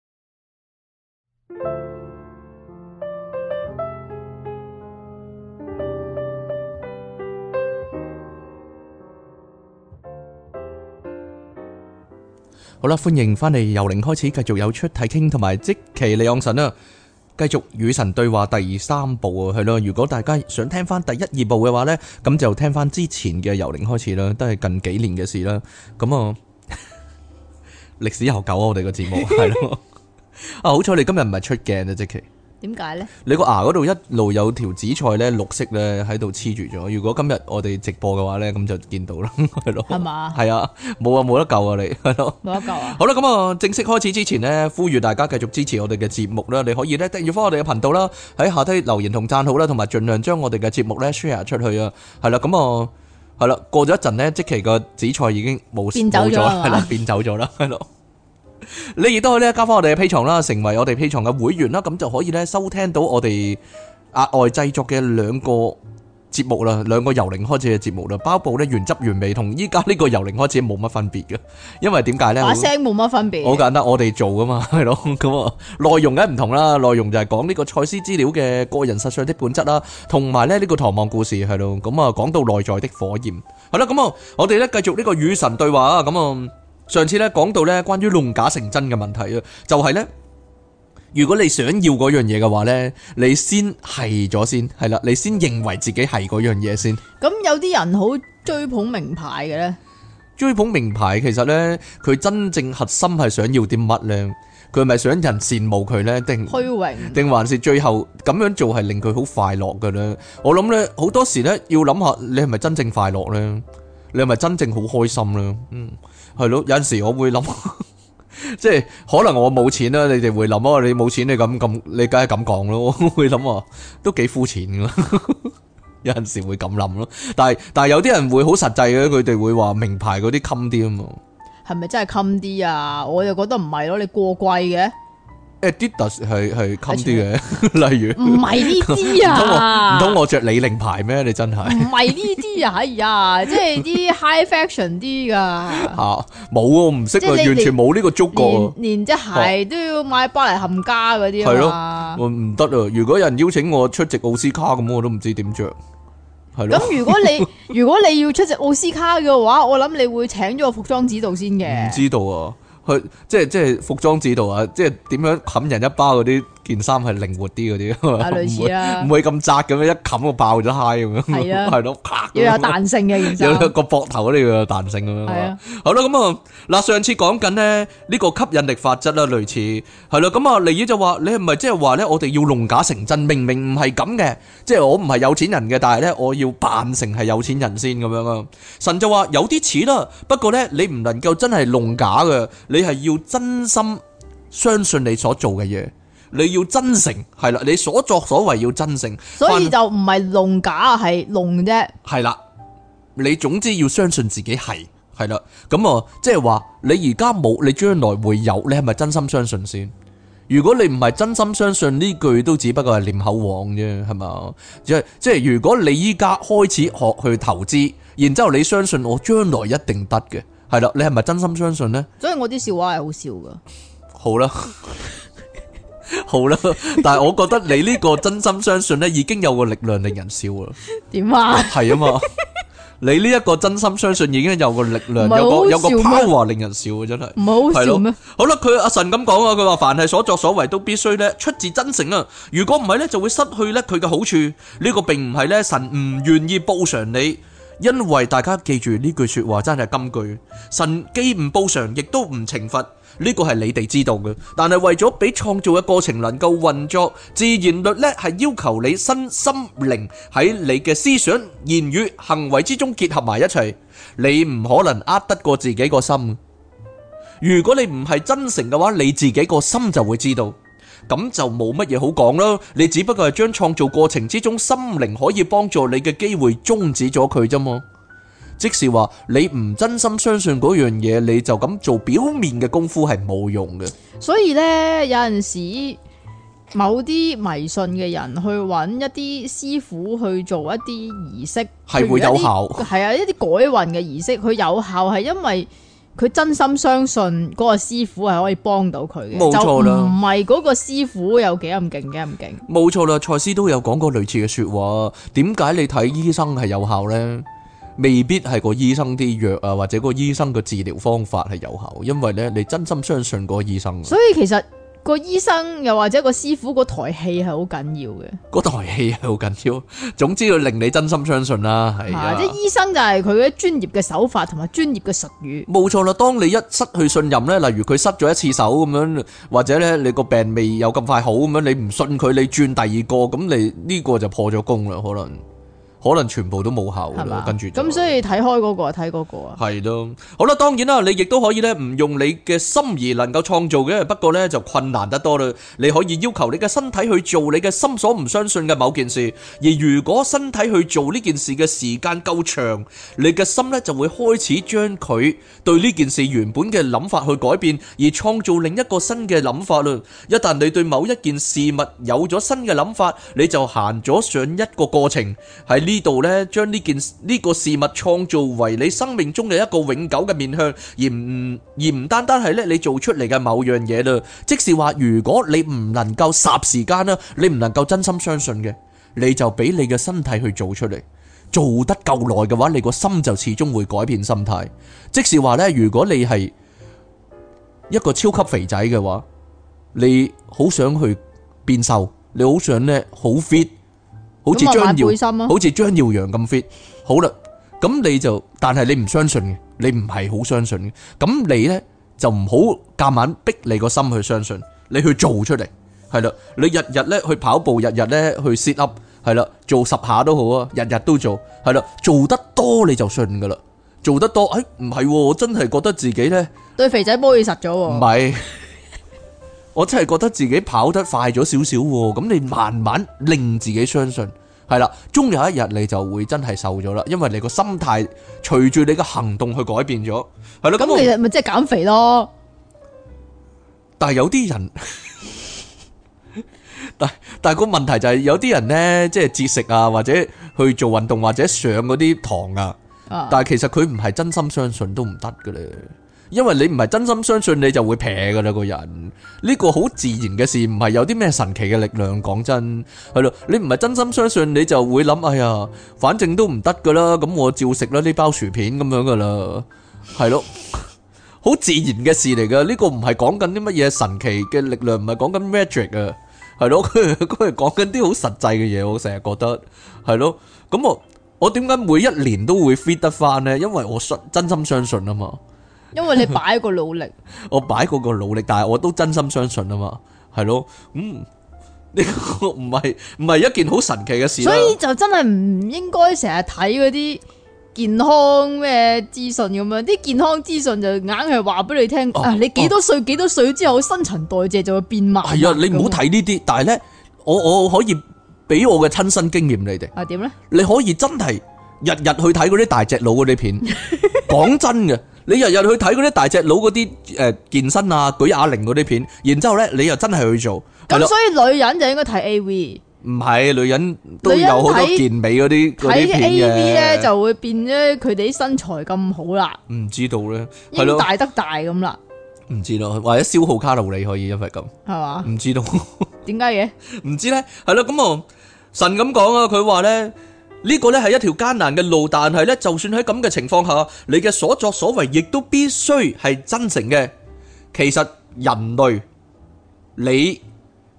好啦，歡迎翻嚟由零開始，繼續有出題傾，同埋即其嚟向神啊，繼續與神對話第三部啊，係咯。如果大家想聽翻第一、二部嘅話呢，咁就聽翻之前嘅由零開始啦，都係近幾年嘅事啦。咁啊， 歷史悠久啊，我哋個節目係咯。 啊，好彩你今日唔係出鏡啊，即其。點解咧？呢你個牙嗰度一路有條紫菜咧，綠色咧喺度黐住咗。如果今日我哋直播嘅話咧，咁就見到啦，係 咯吧。係嘛？係啊，冇啊，冇得救啊，你係咯，冇、啊、得救啊。好啦，咁啊，正式開始之前呢，呼籲大家繼續支持我哋嘅節目啦。你可以呢，訂閱翻我哋嘅頻道啦，喺下低留言同讚好啦，同埋盡量將我哋嘅節目咧 share 出去啊。係啦，咁啊，係啦，過咗一陣呢，即期個紫菜已經冇變走咗，係啦、啊啊，變走咗啦，係咯、啊。你亦都可以咧，交翻我哋嘅 Patreon 啦，成為我哋 Patreon 嘅會員啦，咁就可以咧收聽到我哋額外製作嘅兩個節目啦，兩個由零開始嘅節目啦。包括咧原汁原味，同依家呢個由零開始冇乜分別嘅，因為點解咧？把聲冇乜分別。好簡單，我哋做噶嘛，係咯，咁啊，內容梗係唔同啦。內容就係講呢個賽斯資料嘅個人實相的本質啦，同埋咧呢個唐望故事係咯，咁啊講到內在的火焰。係啦，咁啊，我哋咧繼續呢個與神對話啊，咁啊。上次咧講到咧關於弄假成真嘅問題啊，就係咧，如果你想要嗰樣嘢嘅話咧，你先係咗先係啦，你先認為自己係嗰樣嘢先。咁有啲人好追捧名牌嘅咧，追捧名牌其實咧佢真正核心係想要啲乜咧？佢係咪想人羨慕佢咧？定虛榮？定還是最後咁樣做係令佢好快樂㗎咧？我諗咧好多時咧要諗下你係咪真正快樂咧？你係咪真正好開心咧？嗯。係咯，有陣時我會諗，即係可能我冇錢啦，你哋會諗哦。你冇錢，你咁咁，你梗係咁講咯。會諗啊，都幾膚淺噶，有陣時會咁諗咯。但係但係有啲人會好實際嘅，佢哋會話名牌嗰啲襟啲啊嘛。係咪真係襟啲啊？我就覺得唔係咯，你過貴嘅。誒，Adidas 係係襟啲嘅，例如唔係呢啲啊，唔通我着李寧牌咩？你真係唔係呢啲啊，係、 哎、啊，即係啲 high fashion 啲噶吓，冇啊我唔識啊，啊完全冇呢個觸覺、啊連，連隻鞋都要買巴黎冚家嗰啲啊，係咯，我唔得啊！如果有人邀請我出席奧斯卡，咁我都唔知點着，係咯。咁如果你 如果你要出席奧斯卡嘅話，我諗你會請咗個服裝指導先嘅，唔知道啊。去即係即係服裝指導啊！即係點樣冚人一包嗰啲。件衫係靈活啲嗰啲，唔會唔會咁窄咁樣一冚就爆咗，嗨，咁樣係啊，係咯，要有彈性嘅件衫，有一個膊頭呢個彈性咁樣係啊。好啦，咁啊嗱，上次講緊咧呢個吸引力法則啦，類似係啦。咁啊，尼爾就話你係唔係即係話咧？我哋要弄假成真，明明唔係咁嘅，即係我唔係有錢人嘅，但係咧我要扮成係有錢人先咁樣啊。神就話有啲似啦，不過咧你唔能夠真係弄假嘅，你係要真心相信你所做嘅嘢。你要真誠，係啦，你所作所為要真誠，所以就唔係弄假啊，係弄啫。係啦，你總之要相信自己係，係啦，咁啊，即係話你而家冇，你將來會有，你係咪真心相信先？如果你唔係真心相信呢句，都只不過係念口簧啫，係嘛？即係即係，如果你依家開始學去投資，然之後你相信我將來一定得嘅，係啦，你係咪真心相信呢？所以我啲笑話係好笑噶。好啦了。 好啦，但係我覺得你呢個真心相信咧，已經有個力量令人笑啦。點啊？係啊嘛，你呢一個真心相信已經有個力量，有個有個 power 令人笑啊！真係唔好笑咩？好啦，佢阿神咁講啊，佢話凡係所作所為都必須咧出自真誠啊，如果唔係咧就會失去咧佢嘅好處。呢個並唔係咧神唔願意報償你。因為大家記住呢句說話真係金句，神既唔報償，亦都唔懲罰，呢、這個係你哋知道嘅。但係為咗俾創造嘅過程能夠運作，自然律呢係要求你身心靈喺你嘅思想、言語、行為之中結合埋一齊。你唔可能呃得過自己個心。如果你唔係真誠嘅話，你自己個心就會知道。咁就冇乜嘢好講啦，你只不過係將創造過程之中，心靈可以幫助你嘅機會終止咗佢啫嘛。即是話你唔真心相信嗰樣嘢，你就咁做表面嘅功夫係冇用嘅。所以呢，有陣時某啲迷信嘅人去揾一啲師傅去做一啲儀式，係會有效。係啊，一啲改運嘅儀式，佢有效係因為。佢真心相信嗰個師傅係可以幫到佢嘅，冇錯啦，唔係嗰個師傅有幾咁勁幾咁勁。冇錯啦，蔡師都有講過類似嘅説話。點解你睇醫生係有效呢？未必係個醫生啲藥啊，或者個醫生嘅治療方法係有效，因為呢，你真心相信個醫生。所以其實。個醫生又或者個師傅嗰台戲，係好緊要嘅，嗰台戲係好緊要，總之要令你真心相信啦。係啊，即係醫生就係佢嘅專業嘅手法同埋專業嘅術語。冇錯啦，當你一失去信任呢，例如佢失咗一次手咁樣，或者呢，你個病未有咁快好咁樣，你唔信佢，你轉第二個，咁你呢個就破咗功啦，可能。可能全部都冇效㗎，跟住咁所以睇開嗰個啊，睇嗰個啊，係咯，好啦，當然啦，你亦都可以咧唔用你嘅心而能夠創造嘅，不過咧就困難得多啦。你可以要求你嘅身體去做你嘅心所唔相信嘅某件事，而如果身體去做呢件事嘅時間夠長，你嘅心咧就會開始將佢對呢件事原本嘅諗法去改變，而創造另一個新嘅諗法啦。一旦你對某一件事物有咗新嘅諗法，你就行咗上一個過程，係呢。知道呢，將呢件呢個事物創造為你生命中嘅一個永久嘅面向，而唔而唔單單係咧你做出嚟嘅某樣嘢啦。即是話，如果你唔能夠霎時間啦，你唔能夠真心相信嘅，你就俾你嘅身體去做出嚟，做得夠耐嘅話，你個心就始終會改變心態。即是話咧，如果你係一個超級肥仔嘅話，你好想去變瘦，你好想咧好 fit。好似張耀，好似張耀揚咁 fit，好啦，咁你就，但係你唔相信嘅，你唔係好相信嘅，咁你咧就唔好夾硬逼你個心去相信，你去做出嚟。係啦，你日日咧去跑步，日日咧去 sit up，係啦，做十下都好啊，日日都做，係啦，做得多你就信噶啦。做得多，哎，唔係，我真係覺得自己咧對肥仔波意實咗喎，唔係。我真係覺得自己跑得快咗少少喎，咁你慢慢令自己相信，係啦，終有一日你就會真係瘦咗啦，因為你個心態隨住你嘅行動去改變咗，係咯。咁其實咪即係減肥咯。但係有啲人， 但但係個問題就係有啲人呢，即係節食啊，或者去做運動，或者上嗰啲堂啊，但係其實佢唔係真心相信都唔得嘅咧。因為你唔係真心相信，你就會撇噶啦，個人呢個好自然嘅事，唔係有啲咩神奇嘅力量。講真係咯，你唔係真心相信，你就會諗，哎呀，反正都唔得噶啦，咁我照食啦呢包薯片咁樣噶啦，係咯，好 自然嘅事嚟噶。呢個唔係講緊啲乜嘢神奇嘅力量，唔係講緊 magic 啊，係咯，佢佢係講緊啲好實際嘅嘢。我成日覺得係咯，咁我我點解每一年都會 fit 得翻呢？因為我信真心相信啊嘛。因為你擺個努力， 我擺嗰個努力，但係我都真心相信啊嘛，係咯，嗯，呢個唔係唔係一件好神奇嘅事，所以就真係唔應該成日睇嗰啲健康咩資訊咁樣，啲健康資訊就硬係話俾你聽啊，啊，你幾多歲、啊、幾多歲之後新陳代謝就會變慢，係啊，你唔好睇呢啲，但係咧，我我可以俾我嘅親身經驗你哋啊，點咧？你可以真係日、日日去睇嗰啲大隻佬嗰啲片，講 真嘅。你日日去睇嗰啲大隻佬嗰啲誒健身啊，舉啞鈴嗰啲片，然之後咧你又真係去做，咁所以女人就應該睇 A V。唔係女人都有好多健美嗰啲睇 AV 咧，就會變咗佢哋啲身材咁好啦。唔知道咧，應該大得大咁啦。唔知道，或者消耗卡路里可以因為咁，係嘛吧？唔知道，點解嘅？唔 知咧，係咯，咁啊神咁講啊，佢話咧。呢個呢係一條艱難嘅路，但係呢，就算喺咁嘅情況下，你嘅所作所為亦都必須係真誠嘅。其實人類，你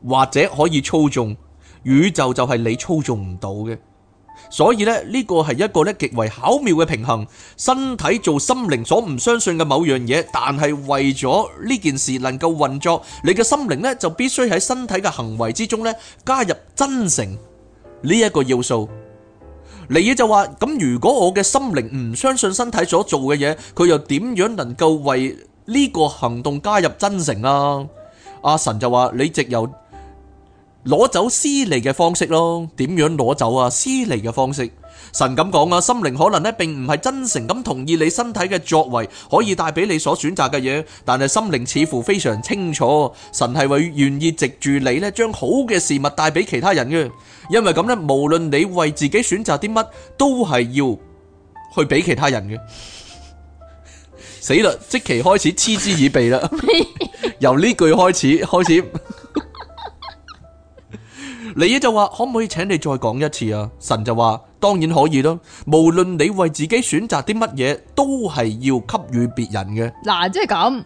或者可以操縱宇宙，就係你操縱唔到嘅。所以呢，呢個係一個咧極為巧妙嘅平衡。身體做心靈所唔相信嘅某樣嘢，但係為咗呢件事能夠運作，你嘅心靈呢，就必須喺身體嘅行為之中呢，加入真誠呢一個要素。尼爾就話咁，如果我嘅心靈唔相信身體所做嘅嘢，佢又點樣能夠為呢個行動加入真誠啊？阿神就話，你藉由攞走私利嘅方式咯，點樣攞走啊？私利嘅方式。神咁講啊，心靈可能咧並唔係真誠咁同意你身體嘅作為可以帶俾你所選擇嘅嘢，但係心靈似乎非常清楚，神係會願意藉住你咧將好嘅事物帶俾其他人嘅。因為咁咧，無論你為自己選擇啲乜，都係要去俾其他人嘅。死 啦！即期開始嗤之以鼻啦， 由呢句開始開始。 你呢就話，可唔可以請你再講一次啊？神就話，當然可以咯。無論你為自己選擇啲乜嘢，都係要給予別人嘅。嗱，即係咁，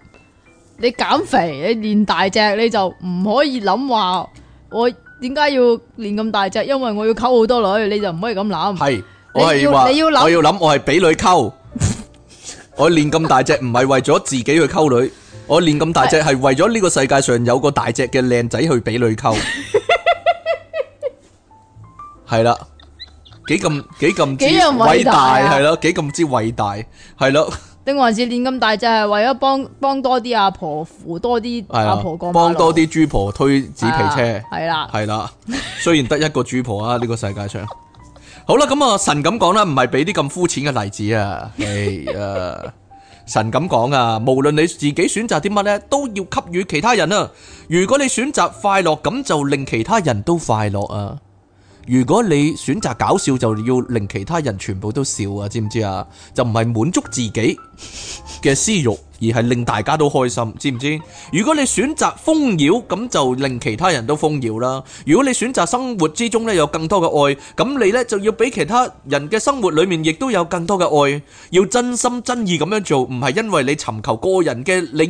你減肥，你練大隻，你就唔可以諗話我點解要練咁大隻？因為我要溝好多女，你就唔可以咁諗。係，我係話你要諗，我要諗，我係俾女溝。我練咁大隻唔係為咗自己去溝女，我練咁大隻係為咗呢個世界上有個大隻嘅靚仔去俾女溝。係啦，幾咁幾咁之偉大係咯，幾咁之偉大係、啊、咯，定還是練咁大隻係、就是、為咗幫幫多啲阿婆扶多啲阿婆過，幫了多啲豬婆推紙皮車係啦，係啦，雖然得一個豬婆啊，呢、這個世界上好啦，咁啊，神咁講啦，唔係俾啲咁膚淺嘅例子啊，係啊，神咁講啊，無論你自己選擇啲乜呢，都要給予其他人啊，如果你選擇快樂，咁就令其他人都快樂啊。如果你選擇搞笑，就要令其他人全部都笑啊，知唔知啊？就唔係滿足自己嘅私欲，而係令大家都開心，知唔知？如果你選擇豐饒，咁就令其他人都豐饒啦。如果你選擇生活之中呢，有更多嘅愛，咁你呢，就要俾其他人嘅生活裏面亦都有更多嘅愛，要真心真意咁樣做，唔係因為你尋求個人嘅利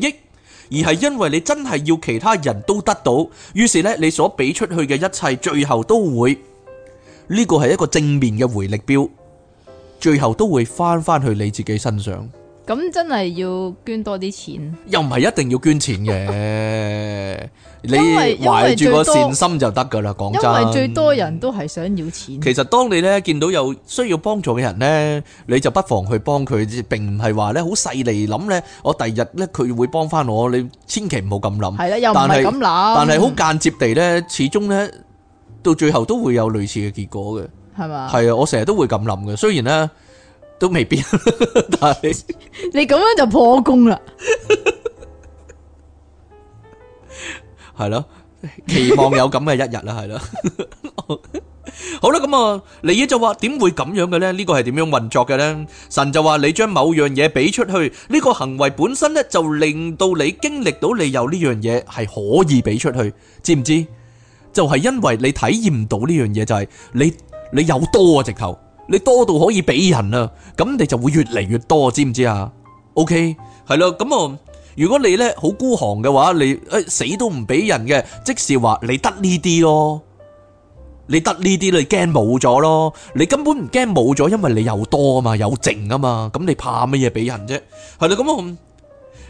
益，而係因為你真係要其他人都得到。於是呢，你所俾出去嘅一切，最後都會。呢個係一個正面嘅回力鏢，最後都會返返去你自己身上。咁真係要捐多啲錢？又唔係一定要捐錢嘅，你懷住個善心就得㗎喇。講真，因為最多人都係想要錢。其實當你呢，見到有需要幫助嘅人呢，你就不妨去幫佢，即係並唔係話呢好勢利諗呢，我第日呢佢會幫返我。你千祈唔好咁諗，但係但係好間接地呢，始終呢。到最後都會有類似嘅結果嘅，係嘛？係啊，我成日都會咁諗嘅，雖然咧都未必。但係你咁樣就破功啦，係咯？期望有咁嘅一日啦，係咯？好啦，咁啊，利耶就話點會咁樣嘅咧？呢個係點樣運作嘅咧？神就話你將某樣嘢俾出去，呢個行為本身咧就令到你經歷到你有呢樣嘢係可以俾出去，知唔知？就係因為你體驗唔到呢樣嘢，就係你你有多啊直頭，你多到可以俾人啦，咁你就會越嚟越多，知唔知啊？OK，係咯，咁啊，如果你呢好孤寒嘅話，你誒死都唔俾人嘅，即係話你得呢啲咯，你得呢啲你驚冇咗咯，你根本唔驚冇咗，因為你有多啊嘛，有剩啊嘛，咁你怕乜嘢俾人啫？係啦，咁啊。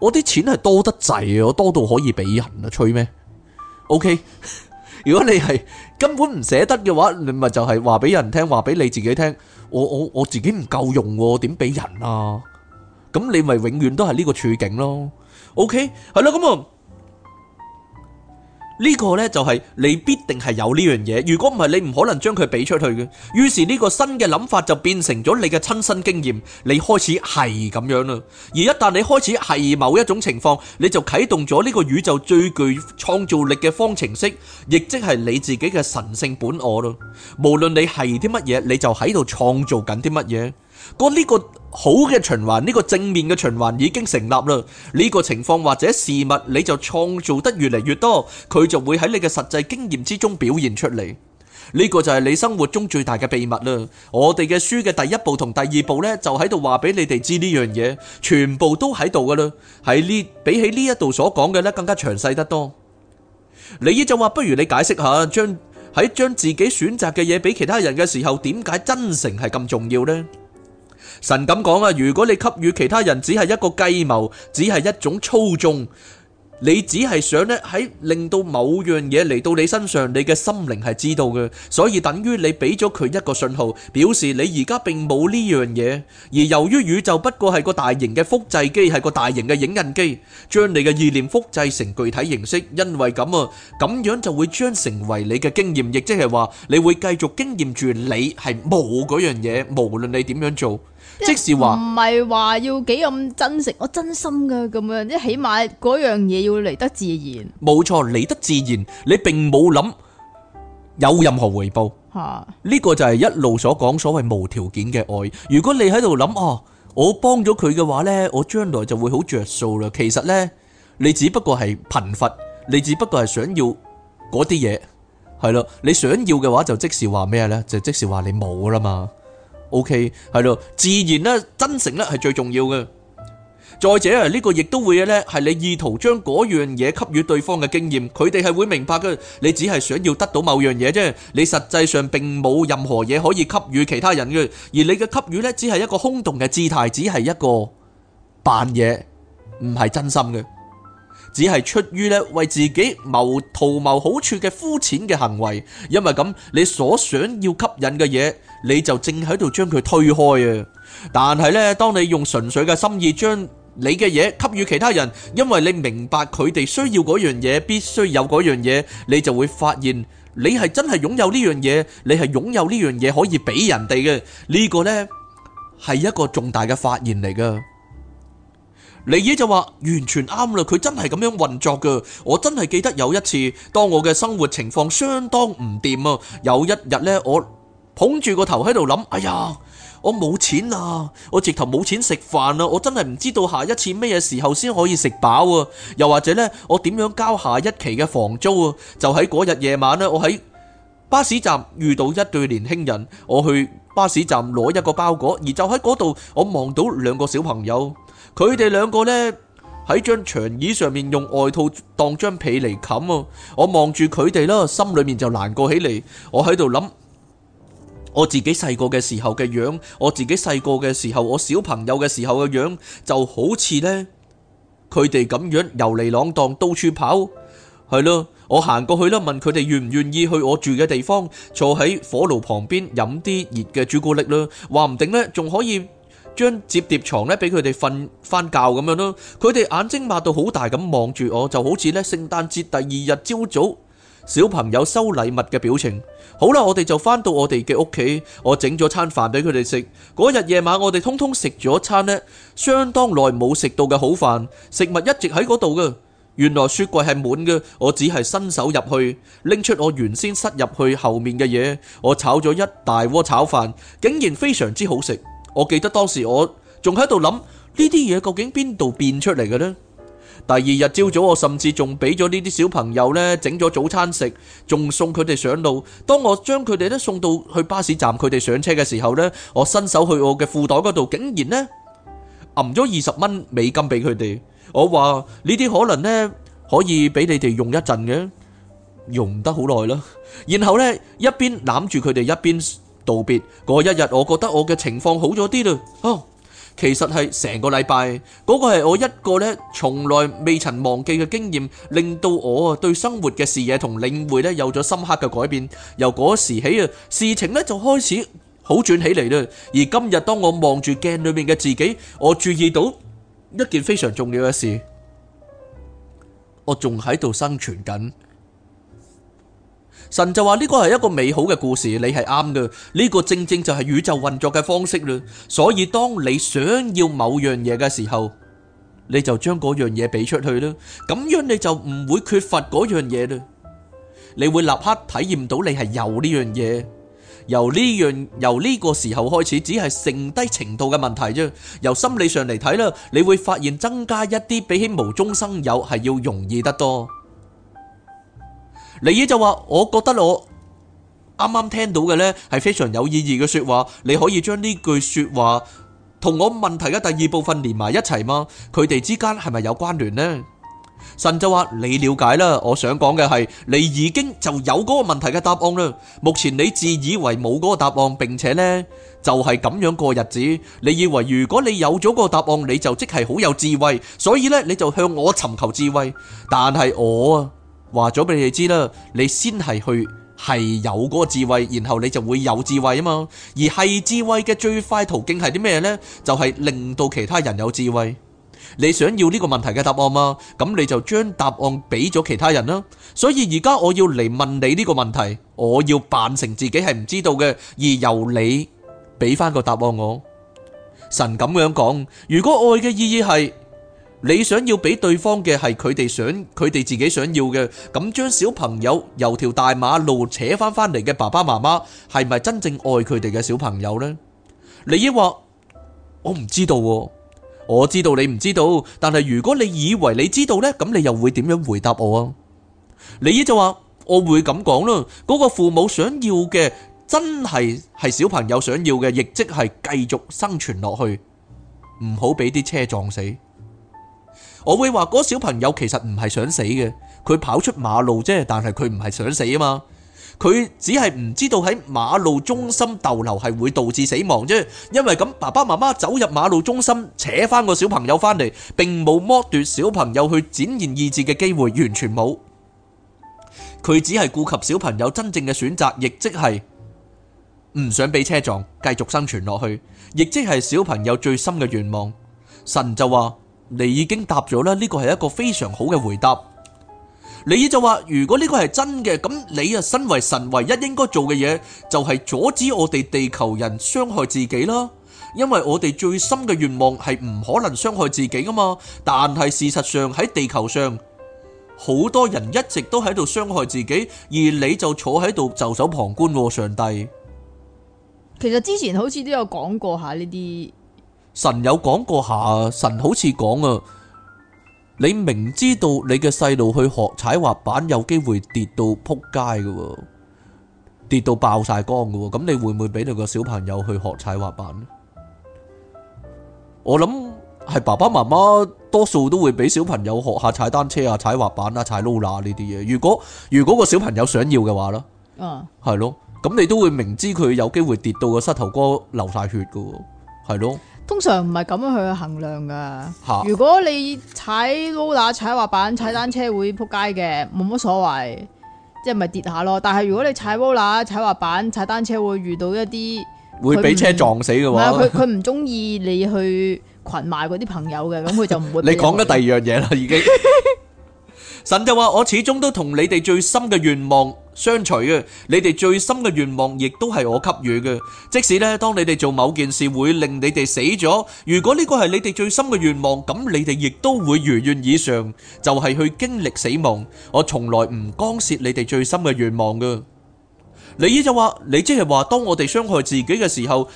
我啲錢係多得滯啊！我多到可以俾人啊，吹咩？OK，如果你係根本唔捨得嘅話，你咪就係話俾人聽，話俾你自己聽，我我我自己唔夠用喎，點俾人啊？咁你咪永遠都係呢個處境咯。OK，係啦，咁啊。呢個呢，就係你必定係有呢樣嘢，如果唔係你唔可能將佢俾出去嘅。於是呢個新嘅諗法就變成咗你嘅親身經驗，你開始係咁樣啦。而一旦你開始係某一種情況，你就啟動咗呢個宇宙最具創造力嘅方程式，亦即係你自己嘅神聖本我咯。無論你係啲乜嘢，你就喺度創造緊啲乜嘢，個呢個好嘅循環，呢個正面嘅循環已經成立啦。呢個情況或者事物，你就創造得越嚟越多，佢就會喺你嘅實際經驗之中表現出嚟。呢個就係你生活中最大嘅秘密啦。我哋嘅書嘅第一步同第二步呢，就喺度話俾你哋知呢樣嘢，全部都喺度噶啦。喺呢比起呢一度所講嘅呢，更加詳細得多。你就話：，不如你解釋下，將喺將自己選擇嘅嘢俾其他人嘅時候，點解真誠係咁重要呢？神咁講啊，如果你給予其他人只係一個計謀，只係一種操縱，你只係想咧喺令到某樣嘢嚟到你身上，你嘅心靈係知道嘅，所以等於你俾咗佢一個信號，表示你而家並冇呢樣嘢。而由於宇宙不過係個大型嘅複製機，係個大型嘅影印機，將你嘅意念複製成具體形式。因為咁啊，咁樣就會將成為你嘅經驗，亦即係話你會繼續經驗住你係冇嗰樣嘢，無論你點樣做。.即係話唔係話要幾咁真誠，我真心㗎咁樣，即係起碼嗰樣嘢要嚟得自然。冇錯，嚟得自然，你並冇諗有任何回報。吓，呢個就係一路所講所謂無條件嘅愛。如果你喺度諗，哦，我幫咗佢嘅話呢，我將來就會好着數啦。其實呢，你只不過係貧乏，你只不過係想要嗰啲嘢。係咯，你想要嘅話就即係話咩呢？就即係話你冇啦嘛。O K，係咯，自然咧，真誠咧係最重要嘅。再者啊，呢個亦都會咧，係你意圖將嗰樣嘢給予對方嘅經驗，佢哋係會明白嘅。你只係想要得到某樣嘢啫，你實際上並冇任何嘢可以給予其他人嘅，而你嘅給予咧，只係一個空洞嘅姿態，只係一個扮嘢，唔係真心嘅，只係出於咧為自己謀圖謀好處嘅膚淺嘅行為。因為咁，你所想要吸引嘅嘢。你就正喺度將佢推開啊！但係咧，當你用純粹嘅心意將你嘅嘢給予其他人，因為你明白佢哋需要嗰樣嘢，必須有嗰樣嘢，你就會發現你係真係擁有呢樣嘢，你係擁有呢樣嘢可以俾人哋嘅。呢個咧，係一個重大嘅發現嚟噶。你就話完全啱啦，佢真係咁樣運作噶。我真係記得有一次，當我嘅生活情況相當唔掂啊，有一日咧我，捧住個頭喺度諗，哎呀，我冇錢啊！我直頭冇錢食飯啊！我真係唔知道下一次咩嘢時候先可以食飽啊！又或者咧，我點樣交下一期嘅房租啊？就喺嗰日夜晚咧，我喺巴士站遇到一對年輕人，我去巴士站攞一個包裹，而就喺嗰度，我望到兩個小朋友，佢哋兩個咧喺張長椅上面用外套當張被嚟冚啊！我望住佢哋啦，心裏面就難過起嚟，我喺度諗。我自己細個嘅時候嘅樣，我自己細個嘅時候，我小朋友嘅時候嘅樣就好似呢，佢哋咁樣遊離浪蕩，到處跑。係咯，我行過去啦，問佢哋願唔願意去我住嘅地方，坐喺火爐旁邊飲啲熱嘅朱古力啦，話唔定呢，仲可以將折疊床呢俾佢哋瞓翻覺咁樣咯。佢哋眼睛擘到好大咁望住我，就好似呢聖誕節第二日朝早。小朋友收禮物嘅表情，好啦，我哋就返到我哋嘅屋企，我整咗餐飯俾佢哋食。嗰日夜晚，我哋通通食咗餐呢。相當耐冇食到嘅好飯。食物一直喺嗰度嘅，原來雪櫃係滿嘅。我只係伸手入去，拎出我原先塞入去後面嘅嘢。我炒咗一大鍋炒飯，竟然非常之好食。我記得當時我仲喺度諗：「呢啲嘢究竟邊度變出嚟嘅呢？」第二日朝早，我甚至仲俾咗呢啲小朋友呢整咗早餐食，仲送佢哋上路。當我將佢哋呢送到去巴士站，佢哋上車嘅時候呢，我伸手去我嘅褲袋嗰度，竟然呢揞咗二十蚊美金俾佢哋。我話呢啲可能呢可以俾你哋用一陣嘅，用得好耐啦。然後呢一邊攬住佢哋，一邊道別。嗰一日我覺得我嘅情況好咗啲啦。哦。其實係成個禮拜嗰個係我一個呢，從來未曾忘記嘅經驗，令到我對生活嘅視野同領會呢有咗深刻嘅改變。由嗰時起啊，事情呢就開始好轉起嚟啦。而今日當我望住鏡裏面嘅自己，我注意到一件非常重要嘅事，我仲喺度生存緊。神就話呢個係一個美好嘅故事，你係啱嘅，呢個正正就係宇宙運作嘅方式啦。所以當你想要某樣嘢嘅時候，你就將嗰樣嘢俾出去啦，咁樣你就唔會缺乏嗰樣嘢啦。你會立刻體驗到你係有呢樣嘢，由呢樣由呢個時候開始，只係剩低程度嘅問題啫。由心理上嚟睇啦，你會發現增加一啲比起無中生有係要容易得多。你呢就話，我覺得我啱啱聽到嘅呢係非常有意義嘅說話。你可以將呢句說話同我問題嘅第二部分連埋一齊嗎？佢哋之間係咪有關聯呢？神就話：你了解啦。我想講嘅係，你已經就有嗰個問題嘅答案啦。目前你自以為冇嗰個答案，並且呢就係咁樣過日子。你以為如果你有咗個答案，你就即係好有智慧，所以呢，你就向我尋求智慧。但係我啊～話咗俾你哋知啦，你先係去係有嗰個智慧，然後你就會有智慧啊嘛。而係智慧嘅最快途徑係啲咩呢？就係令到其他人有智慧。你想要呢個問題嘅答案嘛？咁你就將答案俾咗其他人啦。所以而家我要嚟問你呢個問題，我要扮成自己係唔知道嘅，而由你俾翻個答案我。神咁樣講，如果愛嘅意義係。你想要俾對方嘅，係佢哋想佢哋自己想要嘅。咁將小朋友由條大馬路扯翻翻嚟嘅爸爸媽媽係咪真正愛佢哋嘅小朋友呢？李姨話：我唔知道、啊。我知道你唔知道，但係如果你以為你知道呢，咁你又會點樣回答我啊？李姨就話：我會咁講啦，嗰個父母想要嘅真係係小朋友想要嘅，亦即係繼續生存落去，唔好俾啲車撞死。我會話嗰小朋友其實唔係想死嘅，佢跑出馬路啫，但係佢唔係想死啊嘛，佢只係唔知道喺馬路中心逗留係會導致死亡啫，因為咁，爸爸媽媽走入馬路中心扯翻個小朋友翻嚟，並冇剝奪小朋友去展現意志嘅機會，完全冇。佢只係顧及小朋友真正嘅選擇，亦即係唔想俾車撞，繼續生存落去，亦即係小朋友最深嘅願望。神就話。你已經答咗啦，呢個係一個非常好嘅回答。你就話，如果呢個係真嘅，咁你啊身為神唯一應該做嘅嘢，就係阻止我哋地球人傷害自己啦。因為我哋最深嘅願望係唔可能傷害自己噶嘛。但係事實上喺地球上，好多人一直都喺度傷害自己，而你就坐喺度袖手旁觀，上帝。其實之前好似都有講過下呢啲。神有講過下，神好似講啊，你明知道你嘅細路去學踩滑板，有機會跌到扑街嘅，跌到爆晒光嘅，咁你會唔會俾你個小朋友去學踩滑板咧？我諗係爸爸媽媽多數都會俾小朋友學下踩單車啊、踩滑板啦、踩 roller 呢啲嘢。如果如果個小朋友想要嘅話啦，嗯，係咯，咁你都會明知佢有機會跌到個膝頭哥流晒血嘅，係咯。通常唔係咁樣去衡量噶。哈如果你踩 roller 踩滑板，踩單車會撲街嘅，冇乜所謂，即係咪跌下咯？但係如果你踩 roller 踩滑板，踩單車會遇到一啲，會俾車撞死嘅話，佢佢唔中意你去群埋嗰啲朋友嘅，咁佢 就唔會。 你講緊第二樣嘢啦，已經。 神就話：我始終都同你哋最深嘅願望相隨啊！你哋最深嘅願望亦都係我給予嘅。即使咧，當你哋做某件事會令你哋死咗，如果呢個係你哋最深嘅願望，咁你哋亦都會如願以償，就係去經歷死亡。我從來唔干涉你哋最深嘅願望嘅。尼爾就話：你即係話，當我哋傷害自己嘅時候，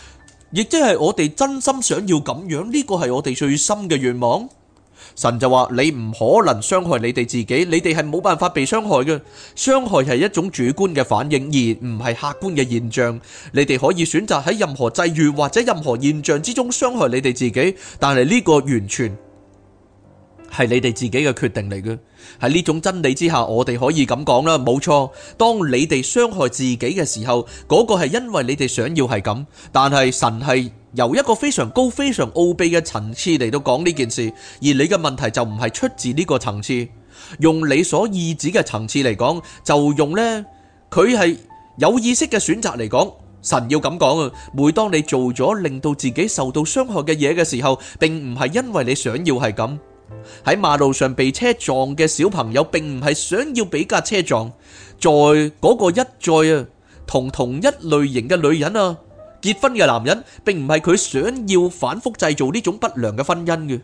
亦即係我哋真心想要咁樣，呢個係我哋最深嘅願望。神就話：你唔可能傷害你哋自己，你哋係冇辦法被傷害嘅。傷害係一種主觀嘅反應，而唔係客觀嘅現象。你哋可以選擇喺任何際遇或者任何現象之中傷害你哋自己，但係呢個完全。係你哋自己嘅決定嚟嘅，喺呢種真理之下，我哋可以咁講啦。冇錯，當你哋傷害自己嘅時候，嗰個係因為你哋想要係咁，但係神係由一個非常高、非常奧秘嘅層次嚟到講呢件事，而你嘅問題就唔係出自呢個層次。用你所意指嘅層次嚟講，就用呢，佢係有意識嘅選擇嚟講。神要咁講啊！每當你做咗令到自己受到傷害嘅嘢嘅時候，並唔係因為你想要係咁。喺馬路上被車撞嘅小朋友，並唔係想要俾架車撞；在嗰個一再啊同同一類型嘅女人啊結婚嘅男人，並唔係佢想要反覆製造呢種不良嘅婚姻嘅。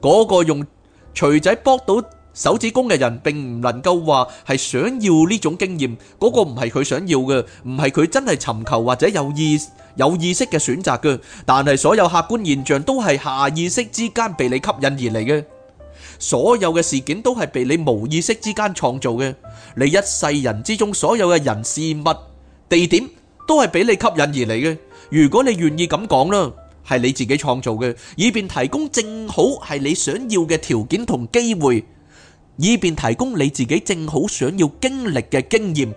嗰個用錘仔剝到手指公嘅人，並唔能夠話係想要呢種經驗。嗰個唔係佢想要嘅，唔係佢真係尋求或者有意有意識嘅選擇嘅。但係所有客觀現象都係下意識之間被你吸引而嚟嘅。所有嘅事件都係被你無意識之間創造嘅，你一世人之中所有嘅人事物、地點，都係俾你吸引而嚟嘅。如果你願意咁講啦，係你自己創造嘅，以便提供正好係你想要嘅條件同機會，以便提供你自己正好想要經歷嘅經驗。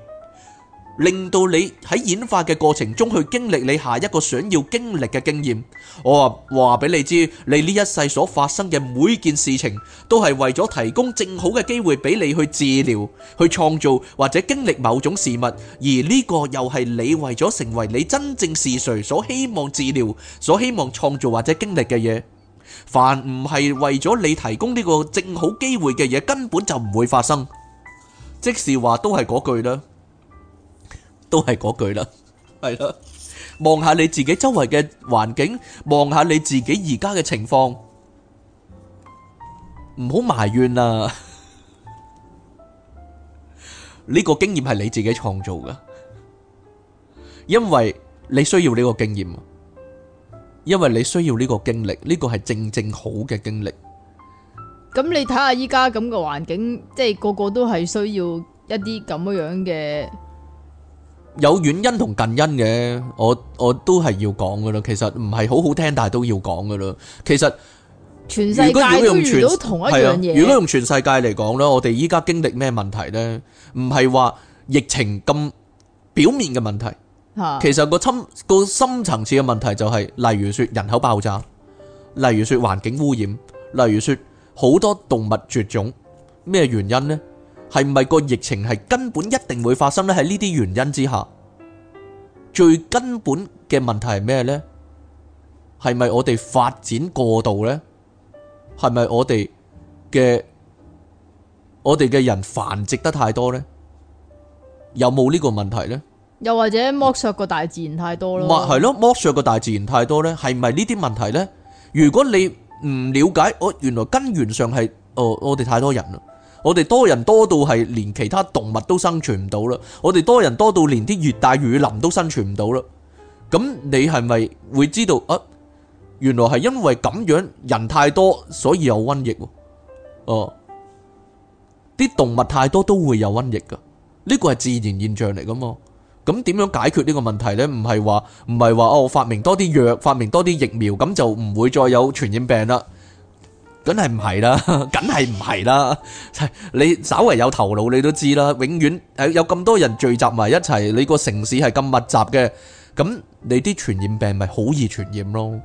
令到你喺演化嘅過程中去經歷你下一個想要經歷嘅經驗，我話話俾你知，你呢一世所發生嘅每件事情，都係為咗提供正好嘅機會俾你去治療、去創造或者經歷某種事物，而呢個又係你為咗成為你真正是誰所希望治療、所希望創造或者經歷嘅嘢。凡唔係為咗你提供呢個正好機會嘅嘢，根本就唔會發生。即是話，都係嗰句啦。都係嗰句啦，係啦。望下你自己周圍嘅環境，望下你自己而家嘅情況，唔好埋怨啦。呢個經驗係你自己創造噶，因為你需要呢個經驗，因為你需要呢個經歷，呢個係正正好嘅經歷。咁你睇下依家咁嘅環境，即係個個都係需要一啲咁樣樣嘅。有遠因同近因嘅，我我都係要講噶啦。其實唔係好好聽，但係都要講噶啦。其實，全世界都都同一樣嘢。如果用全世界嚟講咧，我哋依家經歷咩問題呢？唔係話疫情咁表面嘅問題，吓其實個深個深層次嘅問題就係，例如說人口爆炸，例如說環境污染，例如說好多動物絕種，咩原因呢？係咪個疫情係根本一定會發生咧？喺呢啲原因之下，最根本嘅問題係咩咧？係咪我哋發展過度咧？係咪我哋嘅我哋嘅人繁殖得太多咧？有冇呢個問題咧？又或者剝削個大自然太多咯？係咯、嗯，就是、剝削個大自然太多咧？係咪呢啲問題咧？如果你唔了解，我原來根源上係哦，我哋太多人啦。我哋多人多到係連其他動物都生存唔到啦，我哋多人多到連啲熱帶雨林都生存唔到啦。咁你係咪會知道啊？原來係因為咁樣人太多，所以有瘟疫啊。哦，啲動物太多都會有瘟疫噶啊，呢個係自然現象嚟噶嘛。咁點樣解決呢個問題呢？唔係話唔係話哦發明多啲藥，發明多啲疫苗，咁就唔會再有傳染病啦。梗係唔係啦，梗係唔係啦。你稍為有頭腦，你都知啦。永遠誒，有咁多人聚集埋一齊，你個城市係咁密集嘅，咁你啲傳染病咪好易傳染咯。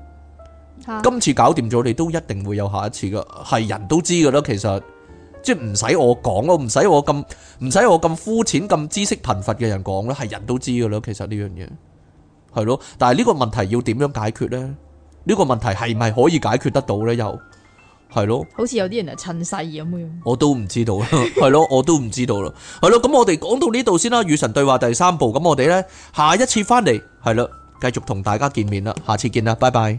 今次搞掂咗，你都一定會有下一次噶係人都知噶啦。其實即係唔使我講咯，唔使我咁唔使我咁膚淺、咁知識貧乏嘅人講咯，係人都知噶啦。其實呢樣嘢係咯，但係呢個問題要點樣解決呢？呢個問題係咪可以解決得到呢？又？係咯，好似有啲人係趁勢咁樣我 。我都唔知道，係咯，我都唔知道啦。係咯，咁我哋講到呢度先啦。與神對話第三部，咁我哋呢，下一次翻嚟，係啦，繼續同大家見面啦。下次見啦，拜拜。